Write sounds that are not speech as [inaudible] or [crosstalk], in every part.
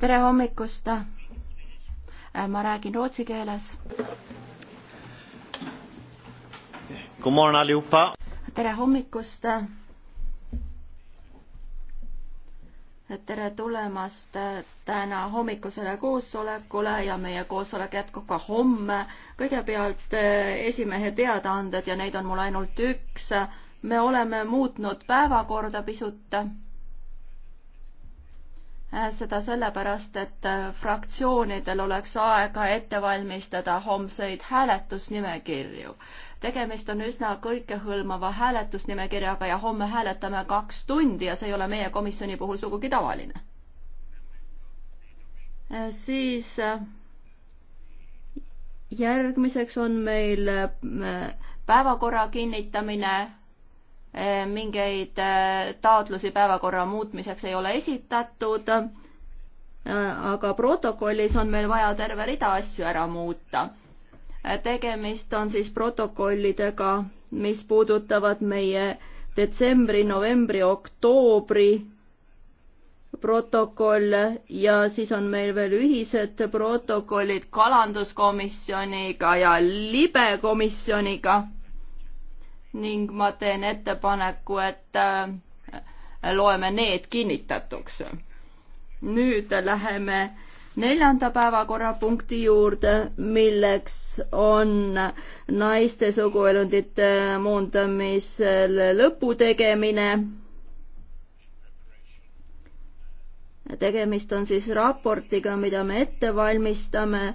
tere hommikust! Äh, ma räägin rootsi keeles. tere hommikust! tere tulemast äh, täna hommikusele koosolekule ja meie koosolek jätkub ka homme. kõigepealt äh, esimehe teadaanded ja neid on mul ainult üks. me oleme muutnud päevakorda pisut Äh, seda sellepärast, et äh, fraktsioonidel oleks aega ette valmistada homseid hääletusnimekirju. tegemist on üsna kõikehõlmava hääletusnimekirjaga ja homme hääletame kaks tundi ja see ei ole meie komisjoni puhul sugugi tavaline. Äh, siis järgmiseks on meil päevakorra kinnitamine Eh, mingeid eh, taotlusi päevakorra muutmiseks ei ole esitatud, eh, aga protokollis on meil vaja terve rida asju ära muuta. tegemist on siis protokollidega, mis puudutavad meie detsembri, novembri, oktoobri protokoll ja siis on meil veel ühised protokollid kalanduskomisjoniga ja libekomisjoniga ning ma teen ettepaneku, et äh, loeme need kinnitatuks. nüüd läheme neljanda päevakorrapunkti juurde, milleks on naiste suguelundite muundamisele lõpu tegemine. tegemist on siis raportiga, mida me ette valmistame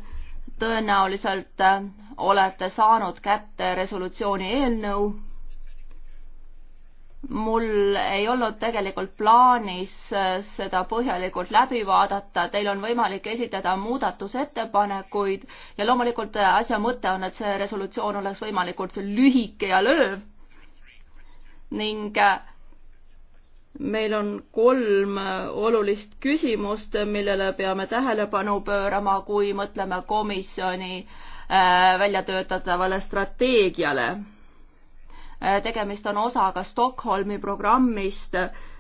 tõenäoliselt äh, olete saanud kätte resolutsiooni eelnõu. mul ei olnud tegelikult plaanis äh, seda põhjalikult läbi vaadata, teil on võimalik esitada muudatusettepanekuid ja loomulikult äh, asja mõte on, et see resolutsioon oleks võimalikult lühike ja lööv ning meil on kolm olulist küsimust, millele peame tähelepanu pöörama, kui mõtleme komisjoni äh, väljatöötatavale strateegiale. Äh, tegemist on osaga Stockholmi programmist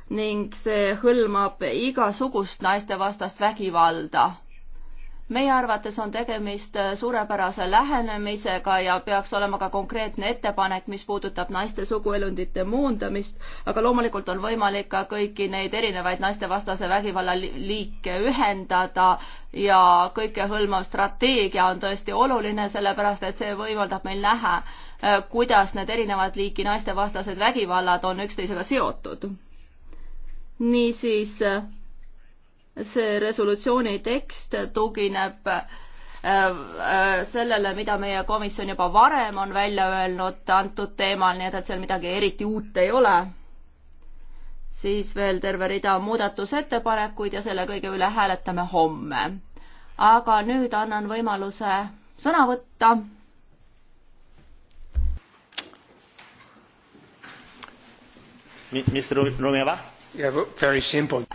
ning see hõlmab igasugust naistevastast vägivalda meie arvates on tegemist äh, suurepärase lähenemisega ja peaks olema ka konkreetne ettepanek, mis puudutab naiste suguelundite muundamist, aga loomulikult on võimalik ka kõiki neid erinevaid naistevastase vägivalla liike ühendada ja kõikehõlmav strateegia on tõesti oluline, sellepärast et see võimaldab meil näha, äh, kuidas need erinevad liiki naistevastased vägivallad on üksteisega seotud. niisiis äh, see resolutsiooni tekst tugineb äh, äh, sellele, mida meie komisjon juba varem on välja öelnud antud teemal, nii et, et seal midagi eriti uut ei ole. siis veel terve rida muudatusettepanekuid ja selle kõige üle hääletame homme. aga nüüd annan võimaluse sõna võtta. Mr Romeva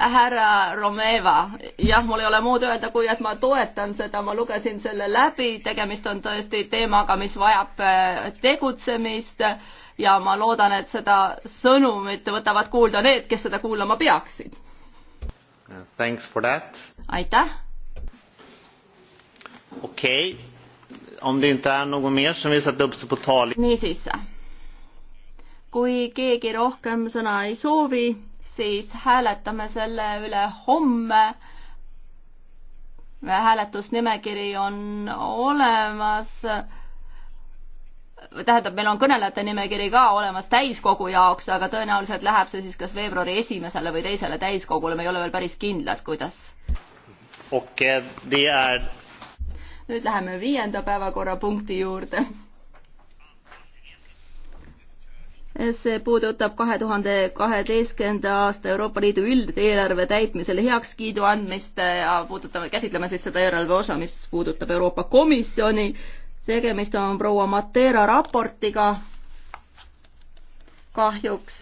härra Romeva, jah, mul ei ole muud öelda, kui et ma toetan seda, ma lugesin selle läbi, tegemist on tõesti teemaga, mis vajab äh, tegutsemist ja ma loodan, et seda sõnumit võtavad kuulda need, kes seda kuulama peaksid. Uh, aitäh. okei okay., on teil täna nagu mees, mis tõmbab see portaali? niisiis, kui keegi rohkem sõna ei soovi siis hääletame selle üle homme. hääletusnimekiri on olemas. tähendab, meil on kõnelejate nimekiri ka olemas täiskogu jaoks, aga tõenäoliselt läheb see siis kas veebruari esimesele või teisele täiskogule, me ei ole veel päris kindlad, kuidas. okei okay,, nüüd läheme viienda päevakorrapunkti juurde see puudutab kahe tuhande kaheteistkümnenda aasta Euroopa Liidu üldeelarve täitmisele heakskiidu andmist ja puudutame, käsitleme siis seda järelevalve osa, mis puudutab Euroopa Komisjoni. tegemist on proua Matera raportiga. kahjuks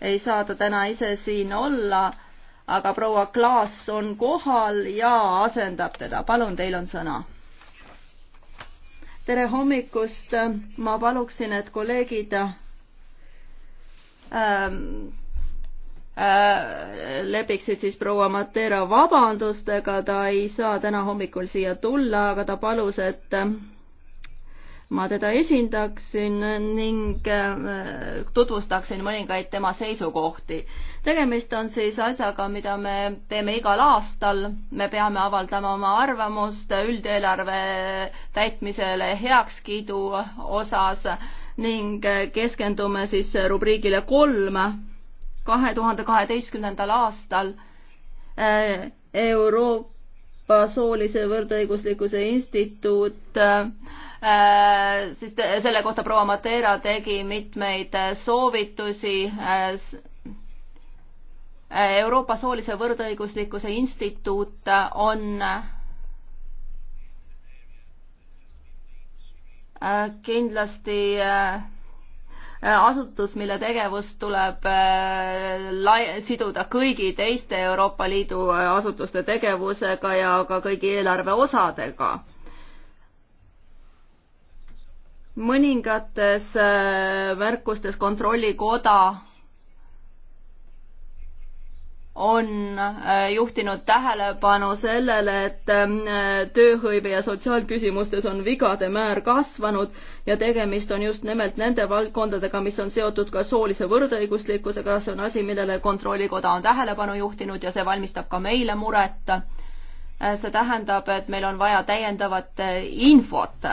ei saa ta täna ise siin olla, aga proua Klaas on kohal ja asendab teda. palun, teil on sõna tere hommikust, ma paluksin, et kolleegid Ähm, äh, lepiksid siis proua Matera vabandustega, ta ei saa täna hommikul siia tulla, aga ta palus, et äh, ma teda esindaksin ning äh, tutvustaksin mõningaid tema seisukohti. tegemist on siis asjaga, mida me teeme igal aastal, me peame avaldama oma arvamust üldeelarve täitmisele heakskiidu osas ning äh, keskendume siis äh, rubriigile kolm kahe tuhande kaheteistkümnendal aastal äh, Euroopa Soolise Võrdõiguslikkuse Instituut siis selle kohta proua Matera tegi mitmeid soovitusi Euroopa Soolise Võrdõiguslikkuse Instituut on Äh, kindlasti äh, äh, asutus, mille tegevus tuleb lai-, siduda kõigi teiste Euroopa Liidu asutuste tegevusega ja ka kõigi eelarve osadega. mõningates märkustes Kontrollikoda on äh, juhtinud tähelepanu sellele, et ähm, tööhõive ja sotsiaalküsimustes on vigade määr kasvanud ja tegemist on just nimelt nende valdkondadega, mis on seotud ka soolise võrdõiguslikkusega, see on asi, millele Kontrollikoda on tähelepanu juhtinud ja see valmistab ka meile muret. Äh, see tähendab, et meil on vaja täiendavat äh, infot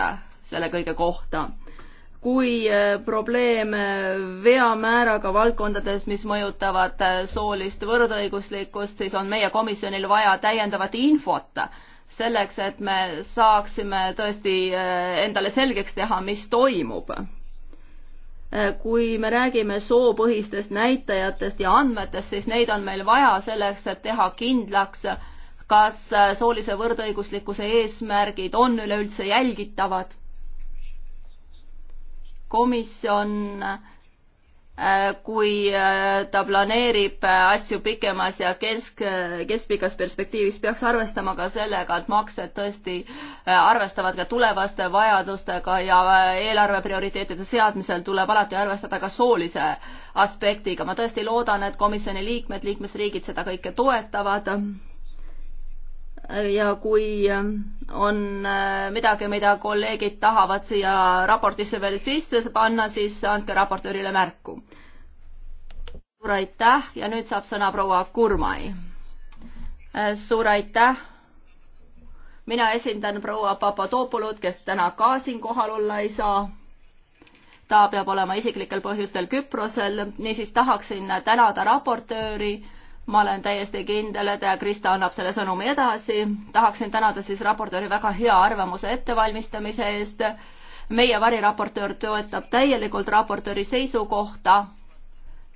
selle kõige kohta kui äh, probleeme äh, veamääraga valdkondades, mis mõjutavad äh, soolist võrdõiguslikkust, siis on meie komisjonil vaja täiendavat infot selleks, et me saaksime tõesti endale selgeks teha, mis toimub. kui me räägime soopõhistest näitajatest ja andmetest, siis neid on meil vaja selleks, et teha kindlaks, kas soolise võrdõiguslikkuse eesmärgid on üleüldse jälgitavad komisjon, äh, kui äh, ta planeerib äh, asju pikemas ja kesk, keskpikas perspektiivis, peaks arvestama ka sellega, et maksed tõesti arvestavad ka tulevaste vajadustega ja eelarve prioriteetide seadmisel tuleb alati arvestada ka soolise aspektiga. ma tõesti loodan, et komisjoni liikmed, liikmesriigid seda kõike toetavad ja kui äh, on äh, midagi, mida kolleegid tahavad siia raportisse veel sisse panna, siis andke raportöörile märku. suur aitäh ja nüüd saab sõna proua Kurmai. Äh, suur aitäh. mina esindan proua Papadopolot, kes täna ka siin kohal olla ei saa ta peab olema isiklikel põhjustel Küprosel, niisiis tahaksin tänada raportööri ma olen täiesti kindel, et Krista annab selle sõnumi edasi. tahaksin tänada siis raportööri väga hea arvamuse ettevalmistamise eest. meie variraportöör toetab täielikult raportööri seisukohta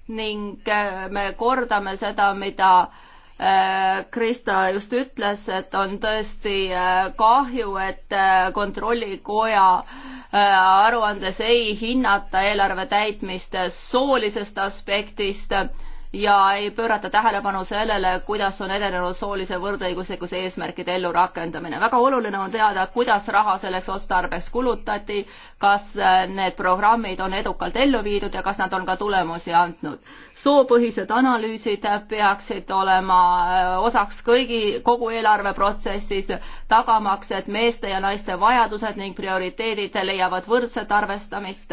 ning äh, me kordame seda, mida äh, Krista just ütles, et on tõesti äh, kahju, et kontrollikoja aruandes ei hinnata eelarve täitmist soolisest aspektist ja ei pöörata tähelepanu sellele, kuidas on edenenud soolise võrdõiguslikkuse eesmärkide ellurakendamine. väga oluline on teada, kuidas raha selleks otstarbeks kulutati, kas äh, need programmid on edukalt ellu viidud ja kas nad on ka tulemusi andnud. soopõhised analüüsid peaksid olema äh, osaks kõigi, kogu eelarveprotsessis, tagamaks, et meeste ja naiste vajadused ning prioriteedid leiavad võrdset arvestamist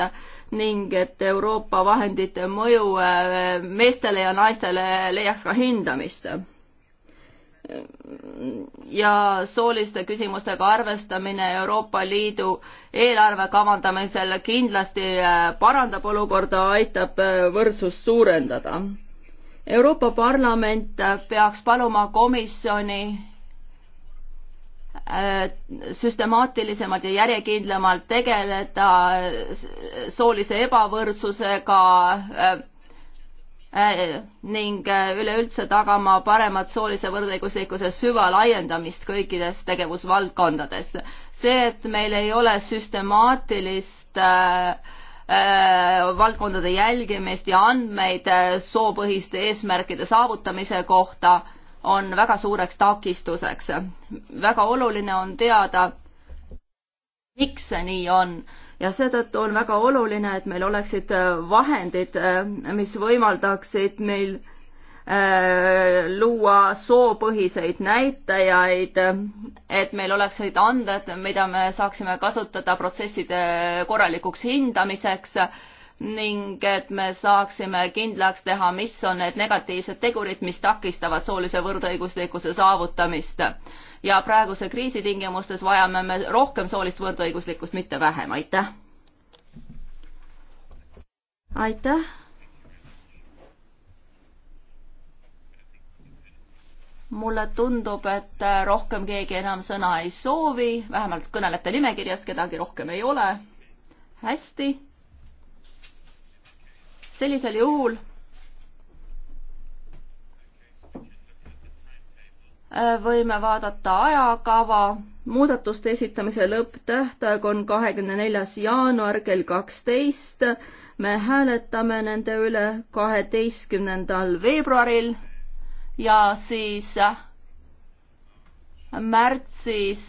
ning et Euroopa vahendite mõju äh, meestele ja naistele leiaks ka hindamist. ja sooliste küsimustega arvestamine Euroopa Liidu eelarve kavandamisel kindlasti äh, parandab olukorda, aitab äh, võrdsust suurendada. Euroopa Parlament peaks paluma komisjoni Äh, süstemaatilisemalt ja järjekindlamalt tegeleda soolise ebavõrdsusega äh, äh, ning üleüldse tagama paremat soolise võrdõiguslikkuse süvalaiendamist kõikides tegevusvaldkondades. see, et meil ei ole süstemaatilist äh, valdkondade jälgimist ja andmeid soopõhiste eesmärkide saavutamise kohta on väga suureks takistuseks. väga oluline on teada, miks see nii on ja seetõttu on väga oluline, et meil oleksid äh, vahendid, äh, mis võimaldaksid meil äh, luua soopõhiseid näitajaid, et meil oleksid anded, mida me saaksime kasutada protsesside korralikuks hindamiseks ning et me saaksime kindlaks teha, mis on need negatiivsed tegurid, mis takistavad soolise võrdõiguslikkuse saavutamist. ja praeguse kriisi tingimustes vajame me rohkem soolist võrdõiguslikkust, mitte vähem, aitäh. aitäh. mulle tundub, et rohkem keegi enam sõna ei soovi, vähemalt kõnelejate nimekirjas kedagi rohkem ei ole. hästi sellisel juhul äh, võime vaadata ajakava, muudatuste esitamise lõpptähtaeg on kahekümne neljas jaanuar kell kaksteist. me hääletame nende üle kaheteistkümnendal veebruaril ja siis märtsis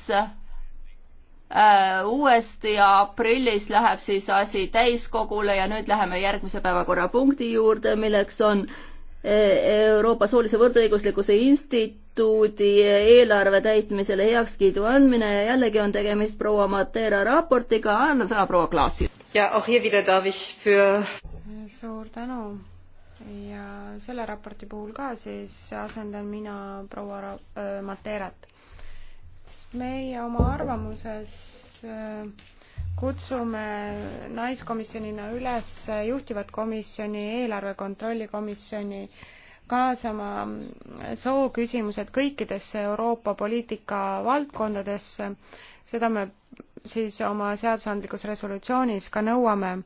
Äh, uuesti ja aprillis läheb siis asi täiskogule ja nüüd läheme järgmise päevakorrapunkti juurde, milleks on äh, Euroopa Soolise Võrdõiguslikkuse Instituudi eelarve täitmisele heakskiidu andmine ja jällegi on tegemist proua Matera raportiga, annan sõna proua Klaasile. ja oh ja wieder darf ich für suur tänu ja selle raporti puhul ka siis asendan mina proua äh, Materat meie oma arvamuses äh, kutsume naiskomisjonina üles juhtivat komisjoni, eelarve kontrolli komisjoni kaasama sooküsimused kõikidesse Euroopa poliitika valdkondadesse. seda me siis oma seadusandlikus resolutsioonis ka nõuame.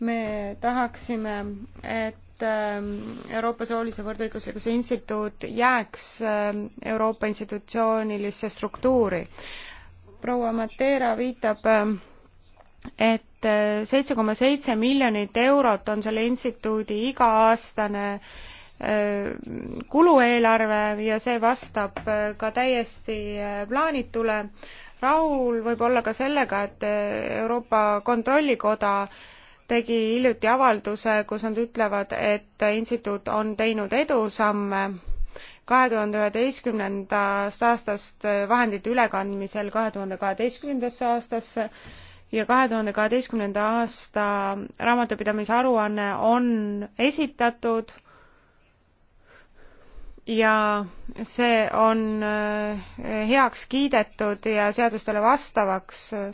me tahaksime, et et ähm, Euroopa Soolise Võrdõiguslikkuse Instituut jääks ähm, Euroopa institutsioonilisse struktuuri. proua Matera viitab, ähm, et äh, seitse koma seitse miljonit eurot on selle instituudi iga-aastane äh, kulueelarve ja see vastab äh, ka täiesti plaanitule rahul võib olla ka sellega, et Euroopa Kontrollikoda tegi hiljuti avalduse, kus nad ütlevad, et instituut on teinud edusamme kahe tuhande üheteistkümnendast aastast vahendite ülekandmisel kahe tuhande kaheteistkümnendasse aastasse ja kahe tuhande kaheteistkümnenda aasta raamatupidamise aruanne on esitatud ja see on äh, heaks kiidetud ja seadustele vastavaks äh,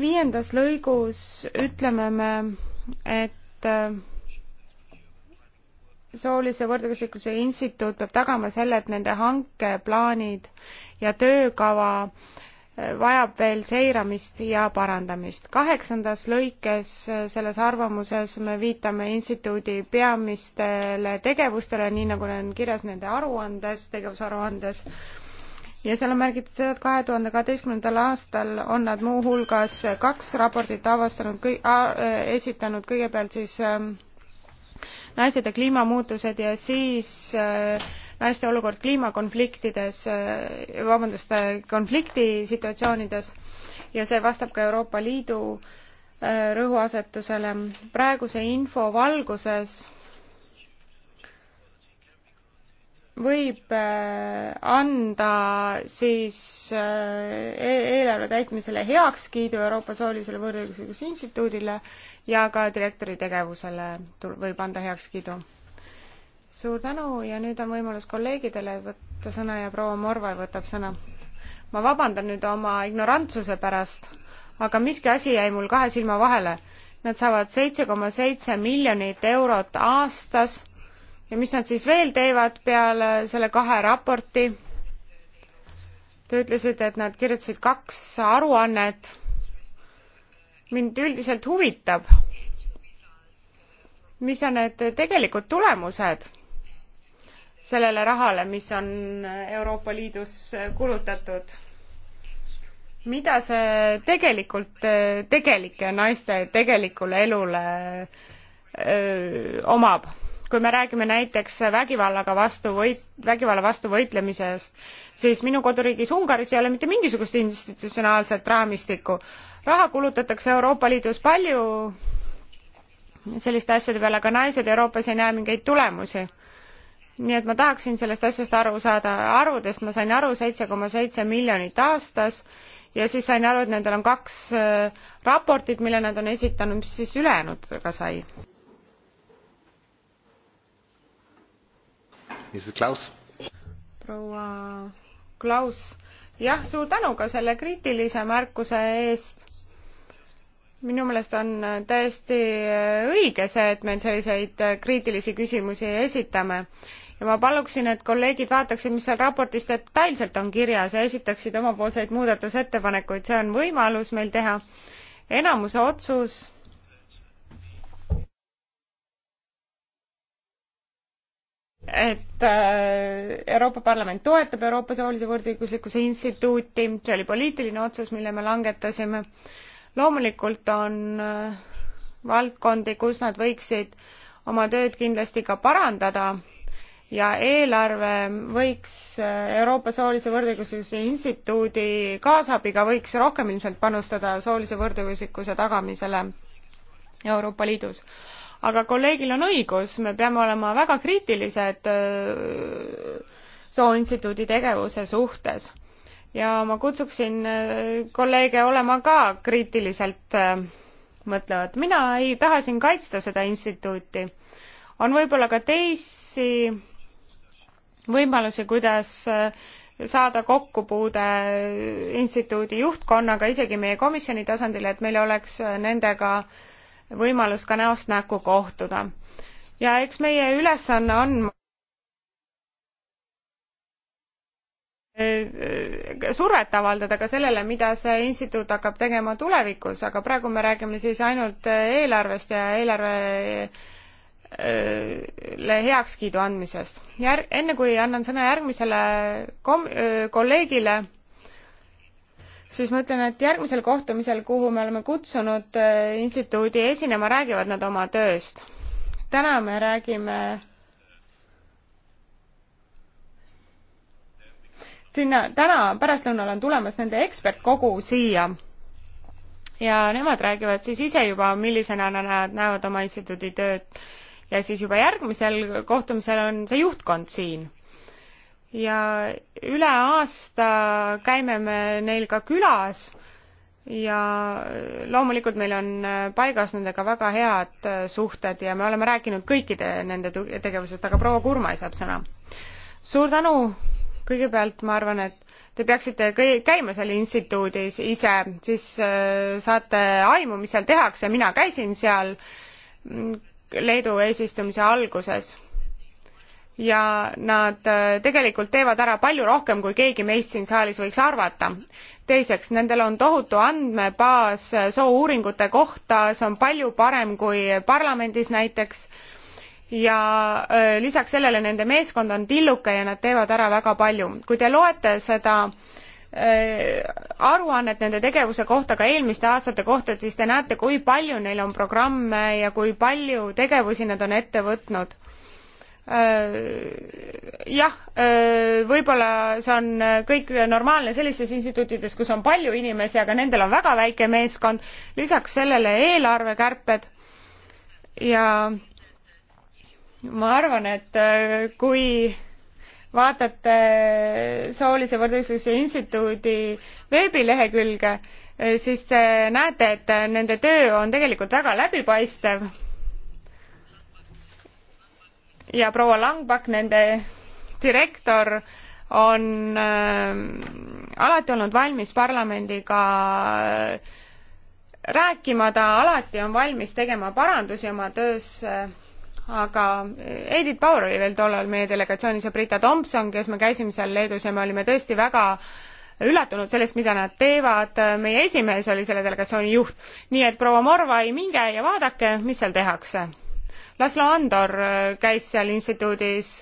viiendas lõigus ütleme me, et äh, soolise võrdõiguslikkuse instituut peab tagama selle, et nende hankeplaanid ja töökava äh, vajab veel seiramist ja parandamist. kaheksandas lõikes äh, selles arvamuses me viitame instituudi peamistele tegevustele, nii nagu on kirjas nende aruandes, tegevusaruandes, ja seal on märgitud seda, et kahe tuhande kaheteistkümnendal aastal on nad muuhulgas kaks raportit avastanud, äh, esitanud kõigepealt siis ähm, naised ja kliimamuutused ja siis äh, naiste olukord kliimakonfliktides, äh, vabandust, konfliktisituatsioonides ja see vastab ka Euroopa Liidu rõhuasetusele. praeguse info valguses võib äh, anda siis äh, e-, eelarve täitmisele heakskiidu Euroopa Soolisele Võrdõiguslikkuse Instituudile ja ka direktori tegevusele võib anda heakskiidu. suur tänu ja nüüd on võimalus kolleegidele võtta sõna ja proua Morva võtab sõna. ma vabandan nüüd oma ignorantsuse pärast, aga miski asi jäi mul kahe silma vahele. Nad saavad seitse koma seitse miljonit eurot aastas ja mis nad siis veel teevad peale selle kahe raporti? Te ütlesite, et nad kirjutasid kaks aruannet. mind üldiselt huvitab, mis on need tegelikud tulemused sellele rahale, mis on Euroopa Liidus kulutatud? mida see tegelikult tegelike naiste tegelikule elule öö, omab? kui me räägime näiteks vägivallaga vastu võit- vägivalla vastu võitlemisest siis minu koduriigis ungaris ei ole mitte mingisugust institutsionaalset raamistikku raha kulutatakse euroopa liidus palju selliste asjade peale aga naised euroopas ei näe mingeid tulemusi nii et ma tahaksin sellest asjast aru saada arvudest ma sain aru seitse koma seitse miljonit aastas ja siis sain aru et nendel on kaks äh, raportit mille nad on esitanud mis siis ülejäänud ka sai proua Klaus, jah, suur tänu ka selle kriitilise märkuse eest minu meelest on täiesti õige see, et me selliseid kriitilisi küsimusi esitame ja ma paluksin, et kolleegid vaataksid, mis seal raportis detailselt on kirjas ja esitaksid omapoolseid muudatusettepanekuid, see on võimalus meil teha enamuse otsus et äh, Euroopa Parlament toetab Euroopa soolise võrdõiguslikkuse instituuti, see oli poliitiline otsus, mille me langetasime. loomulikult on äh, valdkondi, kus nad võiksid oma tööd kindlasti ka parandada ja eelarve võiks äh, Euroopa Soolise Võrdõiguslikkuse Instituudi kaasabiga võiks rohkem ilmselt panustada soolise võrdõiguslikkuse tagamisele Euroopa Liidus aga kolleegil on õigus, me peame olema väga kriitilised äh, Sooinstituudi tegevuse suhtes. ja ma kutsuksin äh, kolleege olema ka kriitiliselt äh, mõtlevad. mina ei taha siin kaitsta seda instituuti. on võib-olla ka teisi võimalusi, kuidas saada kokkupuude instituudi juhtkonnaga, isegi meie komisjoni tasandil, et meil oleks nendega äh, võimalus ka näost näkku kohtuda. ja eks meie ülesanne on survet avaldada ka sellele, mida see instituut hakkab tegema tulevikus, aga praegu me räägime siis ainult eelarvest ja eelarvele heakskiidu andmisest. Jär-, enne kui annan sõna järgmisele kom-, kolleegile, siis ma ütlen, et järgmisel kohtumisel, kuhu me oleme kutsunud äh, instituudi esinema, räägivad nad oma tööst. täna me räägime sinna, täna pärastlõunal on tulemas nende ekspertkogu siia ja nemad räägivad siis ise juba, millisena nad näevad oma instituudi tööd ja siis juba järgmisel kohtumisel on see juhtkond siin ja üle aasta käime me neil ka külas ja loomulikult meil on äh, paigas nendega väga head äh, suhted ja me oleme rääkinud kõikide nende tegevusest, aga proua Kurmai saab sõna. suur tänu, kõigepealt ma arvan, et te peaksite käima seal instituudis ise, siis äh, saate aimu, mis seal tehakse, mina käisin seal mm, Leedu eesistumise alguses ja nad äh, tegelikult teevad ära palju rohkem, kui keegi meist siin saalis võiks arvata. teiseks, nendel on tohutu andmebaas äh, soouuringute kohta, see on palju parem kui parlamendis näiteks ja äh, lisaks sellele nende meeskond on tilluke ja nad teevad ära väga palju. kui te loete seda aruannet nende tegevuse kohta ka eelmiste aastate kohta, siis te näete, kui palju neil on programme ja kui palju tegevusi nad on ette võtnud Äh, jah, äh, võib-olla see on äh, kõik normaalne sellistes instituutides, kus on palju inimesi, aga nendel on väga väike meeskond, lisaks sellele eelarvekärped ja ma arvan, et kui vaatate Soolise võrdõiguslikkuse instituudi veebilehekülge, siis te näete, et nende töö on tegelikult väga läbipaistev ja proua Langbach, nende direktor, on ähm, alati olnud valmis parlamendiga äh, rääkima, ta alati on valmis tegema parandusi oma töös aga Edith Bauer oli veel tollal meie delegatsioonis ja Brita Tomson, kes me käisime seal Leedus ja me olime tõesti väga üllatunud sellest, mida nad teevad. meie esimees oli selle delegatsiooni juht, nii et proua Morvai, minge ja vaadake, mis seal tehakse. Laslo Andor äh, käis seal instituudis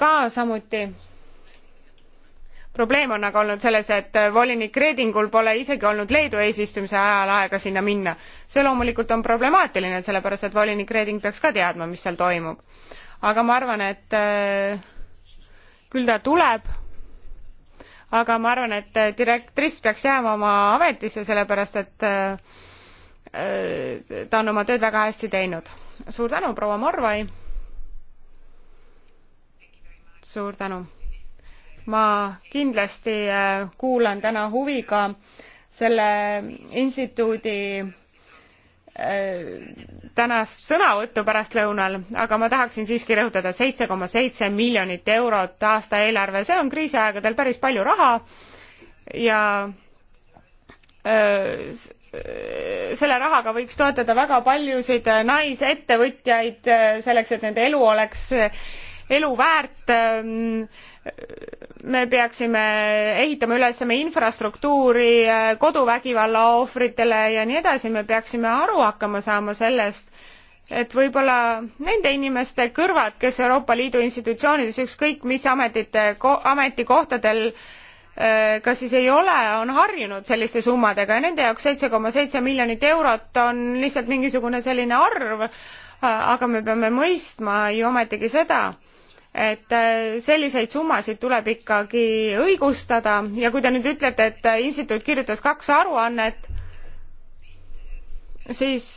ka samuti. probleem on aga olnud selles, et äh, volinik Redingul pole isegi olnud Leedu eesistumise ajal aega sinna minna. see loomulikult on problemaatiline, sellepärast et volinik Reding peaks ka teadma, mis seal toimub. aga ma arvan, et äh, küll ta tuleb, aga ma arvan, et direktriss peaks jääma oma ametisse, sellepärast et äh, ta on oma tööd väga hästi teinud. suur tänu, proua Morvai. suur tänu. ma kindlasti äh, kuulan täna huviga selle instituudi äh, tänast sõnavõttu pärastlõunal, aga ma tahaksin siiski rõhutada seitse koma seitse miljonit eurot aasta eelarve, see on kriisiaegadel päris palju raha ja öö, äh, selle rahaga võiks toetada väga paljusid naisettevõtjaid äh, selleks, et nende elu oleks äh, elu väärt. Äh, me peaksime ehitama üles meie infrastruktuuri koduvägivalla ohvritele ja nii edasi, me peaksime aru hakkama saama sellest, et võib-olla nende inimeste kõrvad, kes Euroopa Liidu institutsioonides ükskõik mis ametite, ametikohtadel äh, Äh, kas siis ei ole, on harjunud selliste summadega ja nende jaoks seitse koma seitse miljonit eurot on lihtsalt mingisugune selline arv, äh, aga me peame mõistma ju ometigi seda, et äh, selliseid summasid tuleb ikkagi õigustada ja kui te nüüd ütlete, et instituut kirjutas kaks aruannet, siis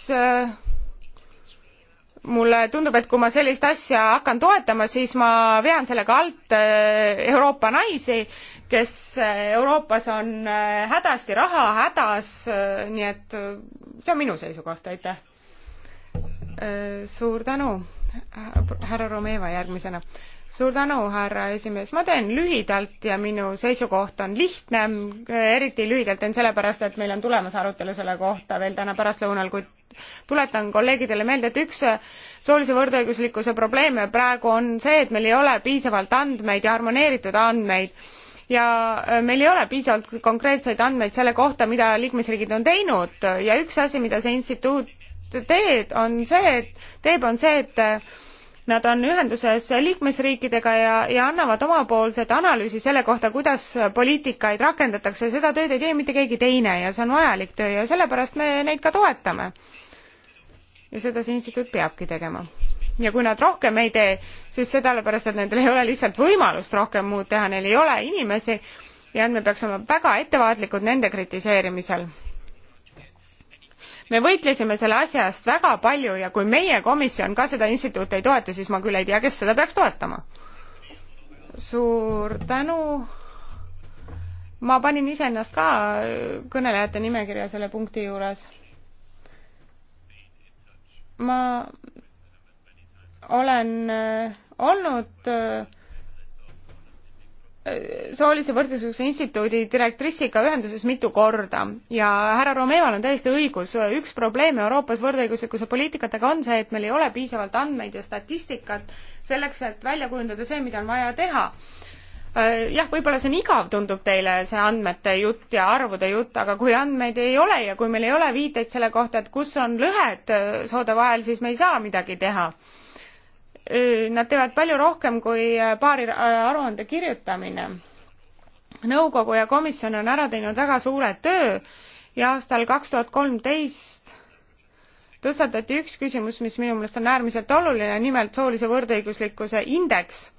mulle tundub, et kui ma sellist asja hakkan toetama, siis ma vean sellega alt Euroopa naisi kes eh, Euroopas on eh, hädasti raha hädas, eh, nii et see on minu seisukoht, aitäh. suur tänu, härra Romeva järgmisena. suur tänu, härra esimees, ma teen lühidalt ja minu seisukoht on lihtne, eriti lühidalt teen sellepärast, et meil on tulemas arutelu selle kohta veel täna pärastlõunal, kuid tuletan kolleegidele meelde et üks soolise võrdõiguslikkuse probleeme praegu on see et meil ei ole piisavalt andmeid ja harmoneeritud andmeid ja äh, meil ei ole piisavalt konkreetseid andmeid selle kohta, mida liikmesriigid on teinud ja üks asi, mida see instituut teed, on see, et teeb, on see, et äh, nad on ühenduses liikmesriikidega ja, ja annavad omapoolset analüüsi selle kohta, kuidas poliitikaid rakendatakse, seda tööd ei tee mitte keegi teine ja see on vajalik töö ja sellepärast me neid ka toetame. ja seda see instituut peabki tegema ja kui nad rohkem ei tee siis see sellepärast et nendel ei ole lihtsalt võimalust rohkem muud teha neil ei ole inimesi ja me peaks olema väga ettevaatlikud nende kritiseerimisel me võitlesime selle asja eest väga palju ja kui meie komisjon ka seda instituuti ei toeta siis ma küll ei tea kes seda peaks toetama suur tänu ma panin iseennast ka kõnelejate nimekirja selle punkti juures. ma olen äh, olnud äh, soolise võrdsuse instituudi direktrissiga ühenduses mitu korda ja härra Romeval on täiesti õigus, üks probleem Euroopas võrdõiguslikkuse poliitikatega on see, et meil ei ole piisavalt andmeid ja statistikat selleks, et välja kujundada see, mida on vaja teha. Äh, jah, võib-olla see on igav, tundub teile see andmete jutt ja arvude jutt, aga kui andmeid ei ole ja kui meil ei ole viiteid selle kohta, et kus on lõhed soode vahel, siis me ei saa midagi teha nad teevad palju rohkem kui äh, paari äh, aruande kirjutamine. nõukogu ja komisjon on ära teinud väga suure töö ja aastal kaks tuhat kolmteist tõstatati üks küsimus, mis minu meelest on äärmiselt oluline, nimelt soolise võrdõiguslikkuse indeks.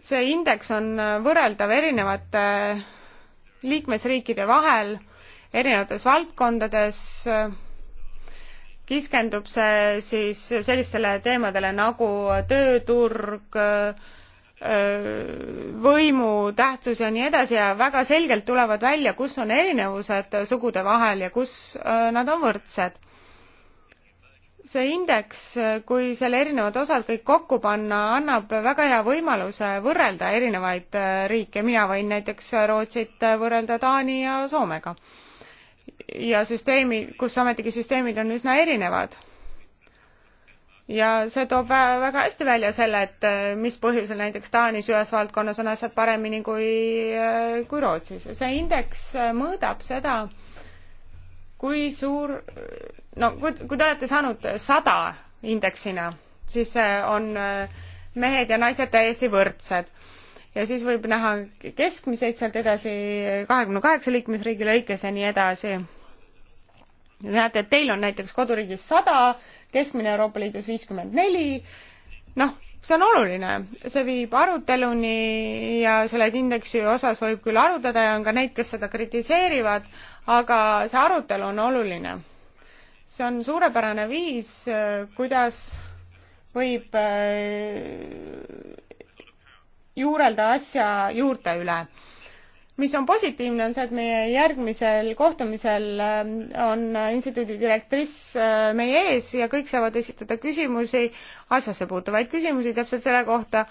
see indeks on äh, võrreldav erinevate liikmesriikide vahel erinevates valdkondades kiskendub see siis sellistele teemadele nagu tööturg, võimu tähtsus ja nii edasi ja väga selgelt tulevad välja, kus on erinevused sugude vahel ja kus äh, nad on võrdsed. see indeks, kui selle erinevad osad kõik kokku panna, annab väga hea võimaluse võrrelda erinevaid äh, riike, mina võin näiteks Rootsit võrrelda Taani ja Soomega ja süsteemi, kus ometigi süsteemid on üsna erinevad. ja see toob väga hästi välja selle, et äh, mis põhjusel näiteks Taanis ühes valdkonnas on asjad paremini kui, äh, kui Rootsis. see indeks äh, mõõdab seda, kui suur, no kui, kui te olete saanud sada indeksina, siis on mehed ja naised täiesti võrdsed ja siis võib näha keskmiseid sealt edasi kahekümne kaheksa liikmesriigi lõikes ja nii edasi. näete, et teil on näiteks koduriigis sada, keskmine Euroopa Liidus viiskümmend neli, noh, see on oluline, see viib aruteluni ja selle indeksi osas võib küll arutada ja on ka neid, kes seda kritiseerivad, aga see arutelu on oluline. see on suurepärane viis, kuidas võib äh, juurelda asja juurte üle mis on positiivne, on see, et meie järgmisel kohtumisel ähm, on instituudi direktriss äh, meie ees ja kõik saavad esitada küsimusi, asjasse puutuvaid küsimusi täpselt selle kohta,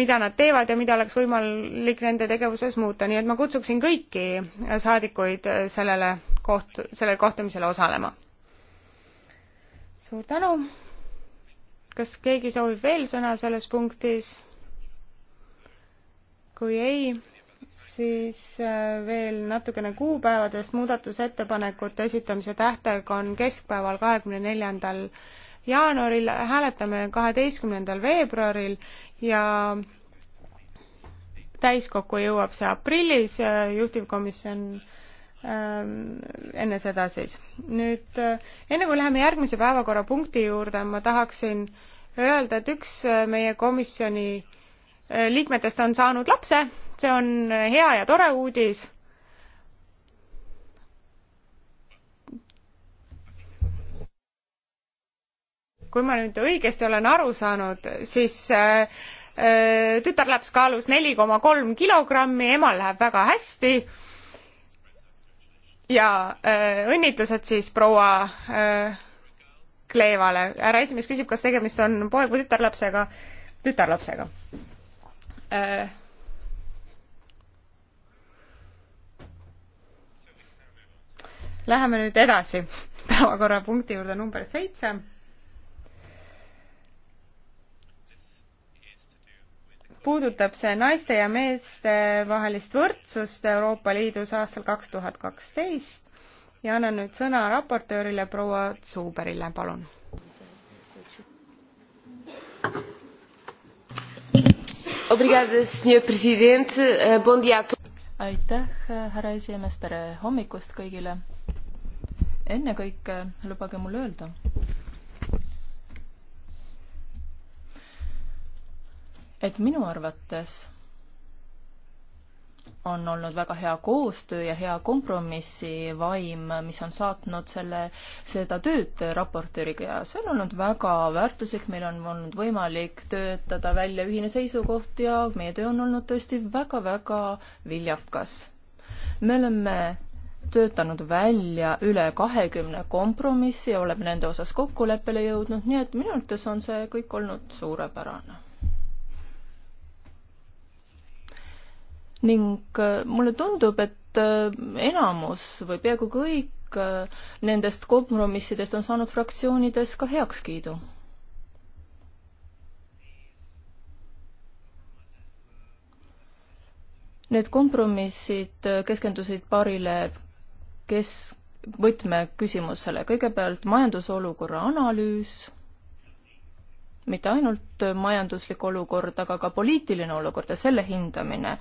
mida nad teevad ja mida oleks võimalik nende tegevuses muuta, nii et ma kutsuksin kõiki saadikuid sellele koht-, sellel kohtumisel osalema. suur tänu. kas keegi soovib veel sõna selles punktis? kui ei, siis äh, veel natukene kuupäevadest. muudatusettepanekute esitamise tähtaeg on keskpäeval, kahekümne neljandal jaanuaril, hääletame kaheteistkümnendal veebruaril ja täiskokku jõuab see aprillis, juhtivkomisjon ähm, enne seda siis. nüüd äh, enne kui läheme järgmise päevakorrapunkti juurde, ma tahaksin öelda, et üks äh, meie komisjoni liikmetest on saanud lapse, see on hea ja tore uudis. kui ma nüüd õigesti olen aru saanud, siis äh, äh, tütarlaps kaalus neli koma kolm kilogrammi, emal läheb väga hästi ja äh, õnnitlused siis proua äh, Kleevale. härra esimees küsib, kas tegemist on poeg- või tütarlapsega? tütarlapsega äh, Läheme nüüd edasi [laughs] päevakorrapunkti juurde number seitse. puudutab see naiste ja meeste vahelist võrdsust Euroopa Liidus aastal kaks tuhat kaksteist ja annan nüüd sõna raportöörile proua Zuberile, palun Eh, aitäh, härra esimees, tere hommikust kõigile. ennekõike lubage mul öelda. et minu arvates on olnud väga hea koostöö ja hea kompromissi vaim, mis on saatnud selle, seda tööd raportööriga ja see on olnud väga väärtuslik, meil on olnud võimalik töötada välja ühine seisukoht ja meie töö on olnud tõesti väga-väga viljakas. me oleme töötanud välja üle kahekümne kompromissi ja oleme nende osas kokkuleppele jõudnud, nii et minu arvates on see kõik olnud suurepärane ning äh, mulle tundub, et äh, enamus või peaaegu kõik äh, nendest kompromissidest on saanud fraktsioonides ka heakskiidu Need kompromissid keskendusid paarile kes-, võtmeküsimusele. kõigepealt majandusolukorra analüüs mitte ainult majanduslik olukord, aga ka poliitiline olukord ja selle hindamine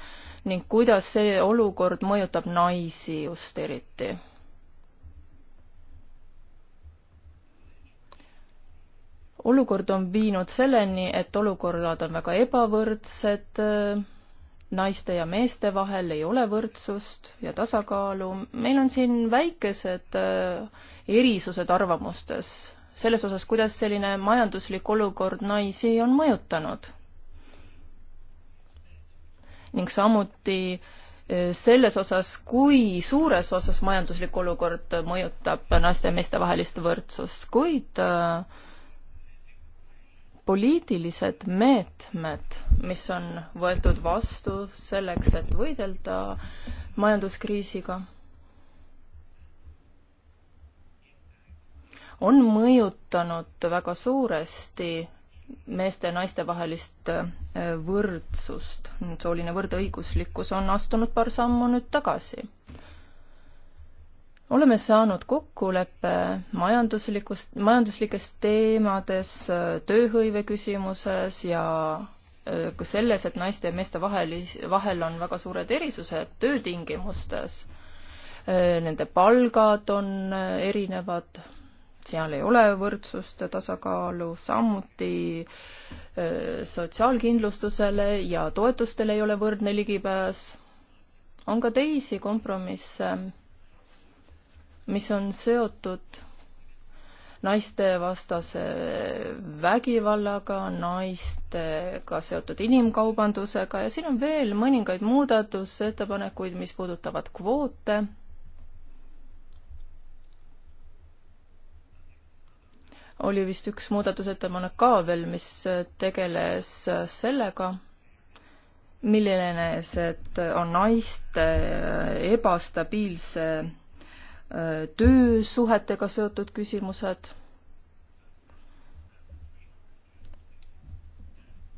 ning kuidas see olukord mõjutab naisi just eriti. olukord on viinud selleni, et olukorrad on väga ebavõrdsed, naiste ja meeste vahel ei ole võrdsust ja tasakaalu, meil on siin väikesed äh, erisused arvamustes selles osas, kuidas selline majanduslik olukord naisi on mõjutanud. ning samuti eh, selles osas, kui suures osas majanduslik olukord mõjutab naiste ja meeste vahelist võrdsust, kuid eh, poliitilised meetmed, mis on võetud vastu selleks, et võidelda majanduskriisiga on mõjutanud väga suuresti meeste ja naiste vahelist äh, võrdsust. sooline võrdõiguslikkus on astunud paar sammu nüüd tagasi. oleme saanud kokkuleppe majanduslikust, majanduslikes teemades, äh, tööhõive küsimuses ja äh, ka selles, et naiste ja meeste vahelis-, vahel on väga suured erisused töötingimustes. Nende palgad on erinevad seal ei ole võrdsust ja tasakaalu, samuti sotsiaalkindlustusele ja toetustele ei ole võrdne ligipääs. on ka teisi kompromisse, mis on seotud naistevastase vägivallaga, naistega seotud inimkaubandusega ja siin on veel mõningaid muudatusettepanekuid, mis puudutavad kvoote oli vist üks muudatusettepanek ka veel, mis tegeles sellega, milline see on naiste ebastabiilse äh, töösuhetega seotud küsimused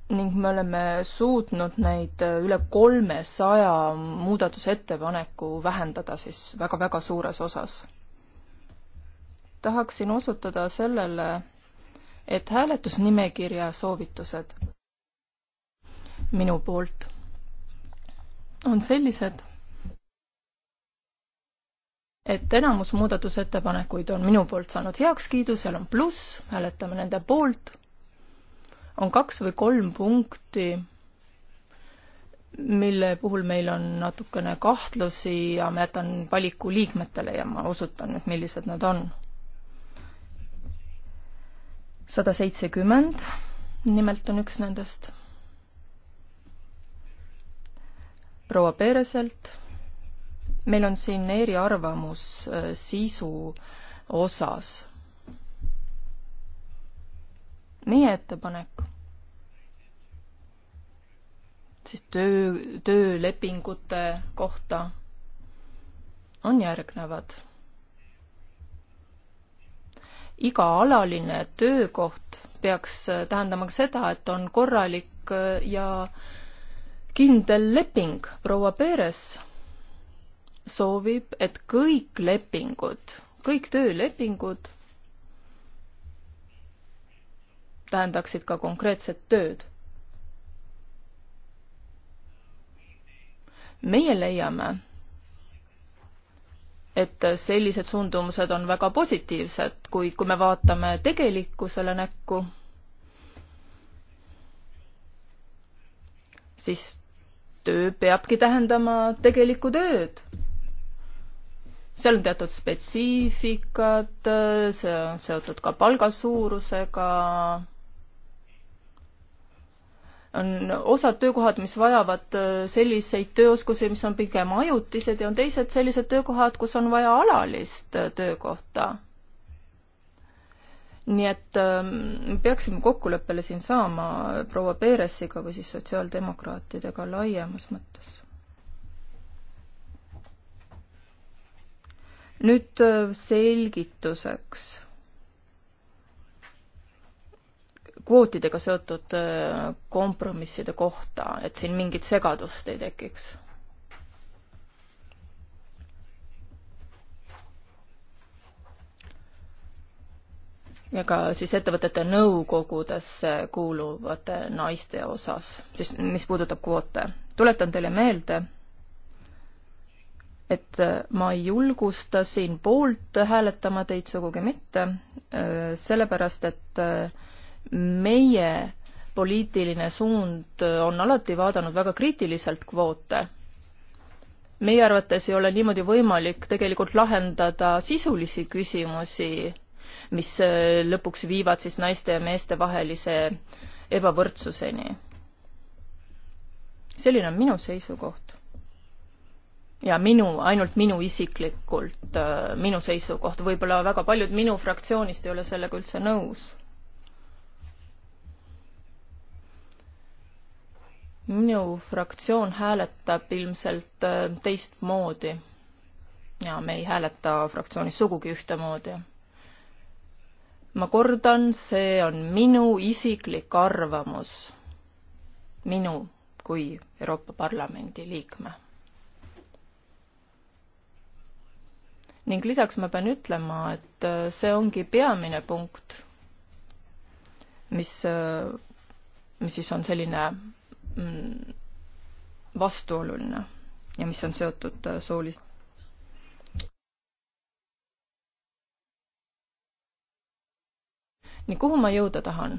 ning me oleme suutnud neid üle kolmesaja muudatusettepaneku vähendada siis väga-väga suures osas tahaksin osutada sellele, et hääletusnimekirja soovitused minu poolt on sellised, et enamus muudatusettepanekuid on minu poolt saanud heakskiidu, seal on pluss, hääletame nende poolt, on kaks või kolm punkti, mille puhul meil on natukene kahtlusi ja ma jätan valiku liikmetele ja ma osutan nüüd, millised nad on sada seitsekümmend, nimelt on üks nendest proua Pereselt. meil on siin eriarvamus äh, sisu osas. meie ettepanek siis töö, töölepingute kohta on järgnevad iga alaline töökoht peaks äh, tähendama ka seda, et on korralik äh, ja kindel leping. proua Peeres soovib, et kõik lepingud, kõik töölepingud tähendaksid ka konkreetset tööd. meie leiame et sellised suundumused on väga positiivsed, kuid kui me vaatame tegelikkusele näkku, siis töö peabki tähendama tegelikku tööd. seal on teatud spetsiifikad, see on seotud ka palga suurusega on osad töökohad, mis vajavad äh, selliseid tööoskusi, mis on pigem ajutised ja on teised sellised töökohad, kus on vaja alalist äh, töökohta. nii et me ähm, peaksime kokkuleppele siin saama proua Peresiga või siis sotsiaaldemokraatidega laiemas mõttes. nüüd äh, selgituseks kvootidega seotud äh, kompromisside kohta, et siin mingit segadust ei tekiks? ja ka siis ettevõtete nõukogudesse kuuluvate naiste osas, siis mis puudutab kvoote. tuletan teile meelde, et äh, ma ei julgusta siin poolt hääletama teid sugugi mitte, äh, sellepärast et äh, meie poliitiline suund on alati vaadanud väga kriitiliselt kvoote. meie arvates ei ole niimoodi võimalik tegelikult lahendada sisulisi küsimusi, mis lõpuks viivad siis naiste ja meeste vahelise ebavõrdsuseni. selline on minu seisukoht. ja minu, ainult minu isiklikult, äh, minu seisukoht, võib-olla väga paljud minu fraktsioonist ei ole sellega üldse nõus minu fraktsioon hääletab ilmselt äh, teistmoodi. ja me ei hääleta fraktsioonis sugugi ühtemoodi. ma kordan, see on minu isiklik arvamus. minu kui Euroopa Parlamendi liikme. ning lisaks ma pean ütlema, et äh, see ongi peamine punkt, mis, äh, mis siis on selline Mm, vastuoluline ja mis on seotud äh, soolis-. nii, kuhu ma jõuda tahan?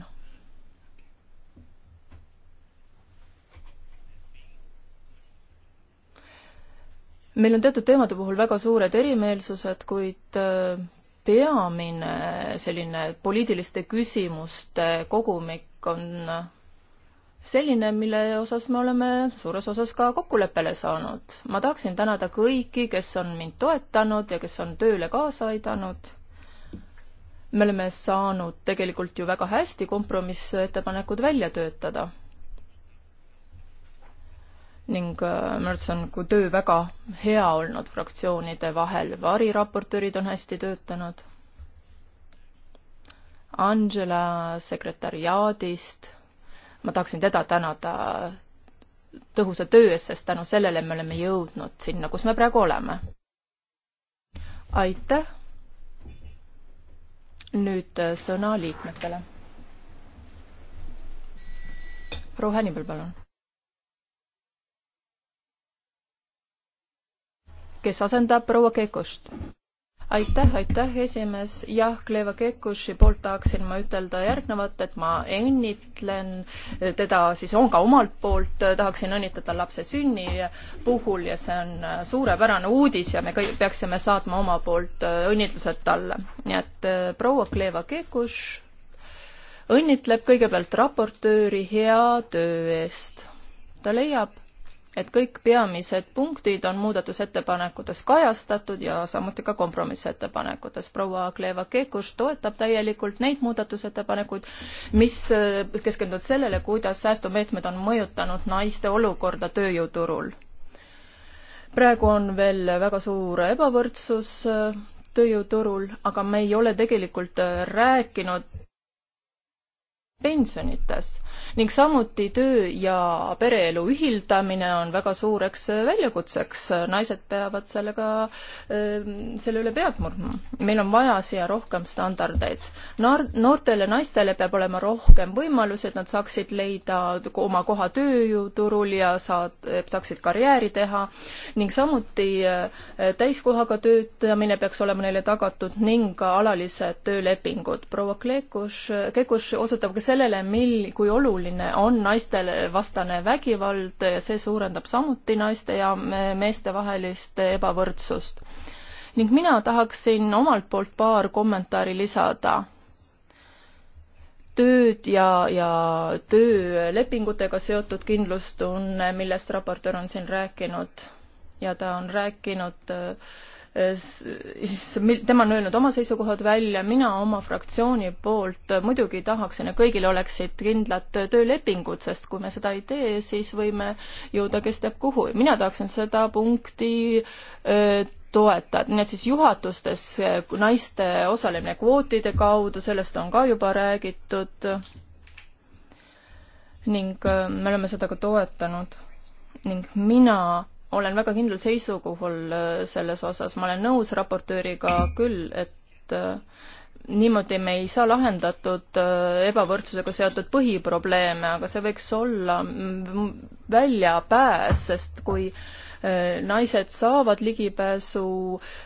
meil on teatud teemade puhul väga suured erimeelsused, kuid äh, peamine selline poliitiliste küsimuste kogumik on äh, selline, mille osas me oleme suures osas ka kokkuleppele saanud. ma tahaksin tänada kõiki, kes on mind toetanud ja kes on tööle kaasa aidanud. me oleme saanud tegelikult ju väga hästi kompromissettepanekud välja töötada. ning äh, minu arvates on nagu töö väga hea olnud fraktsioonide vahel, variraportöörid on hästi töötanud. Angela sekretäriaadist ma tahaksin teda tänada tõhusa töö eest, sest tänu sellele me oleme jõudnud sinna, kus me praegu oleme. aitäh. nüüd äh, sõna liikmetele. proua Hänibal, palun. kes asendab proua Kekost? aitäh, aitäh, esimees. jah, Kleva Kekuši poolt tahaksin ma ütelda järgnevat, et ma õnnitlen teda siis on ka omalt poolt, tahaksin õnnitleda lapse sünni puhul ja see on suurepärane uudis ja me kõik peaksime saatma oma poolt õnnitlused talle. nii et eh, proua Kleva Kekuš õnnitleb kõigepealt raportööri hea töö eest. ta leiab, et kõik peamised punktid on muudatusettepanekutes kajastatud ja samuti ka kompromissettepanekutes. proua Kleva Kekus toetab täielikult neid muudatusettepanekuid, mis eh, keskenduvad sellele, kuidas säästumeetmed on mõjutanud naiste olukorda tööjõuturul. praegu on veel väga suur ebavõrdsus eh, tööjõuturul, aga me ei ole tegelikult eh, rääkinud pensionites ning samuti töö ja pereelu ühildamine on väga suureks äh, väljakutseks, naised peavad sellega, äh, selle üle pead murdma. meil on vaja siia rohkem standardeid. Noor-, noortele naistele peab olema rohkem võimalusi, et nad saaksid leida oma koha tööjõuturul ja saad, saaksid karjääri teha ning samuti äh, täiskohaga töötamine peaks olema neile tagatud ning ka alalised töölepingud. proua Kleekuš, Keekuš osutab ka sellele, mil-, kui oluline on naistevastane vägivald, see suurendab samuti naiste ja meeste vahelist ebavõrdsust. ning mina tahaksin omalt poolt paar kommentaari lisada tööd ja, ja töölepingutega seotud kindlustunne, millest raportöör on siin rääkinud ja ta on rääkinud äh, siis tema on öelnud oma seisukohad välja, mina oma fraktsiooni poolt muidugi tahaksin, et kõigil oleksid kindlad töölepingud, sest kui me seda ei tee, siis võime jõuda kes teab kuhu. mina tahaksin seda punkti toetada, nii et siis juhatustes äh, naiste osalemine kvootide kaudu, sellest on ka juba räägitud ning me oleme seda ka toetanud ning mina olen väga kindlal seisukohal äh, selles osas, ma olen nõus raportööriga küll, et äh, niimoodi me ei saa lahendatud äh, ebavõrdsusega seotud põhiprobleeme, aga see võiks olla mm, väljapääs, sest kui äh, Äh, naised saavad ligipääsu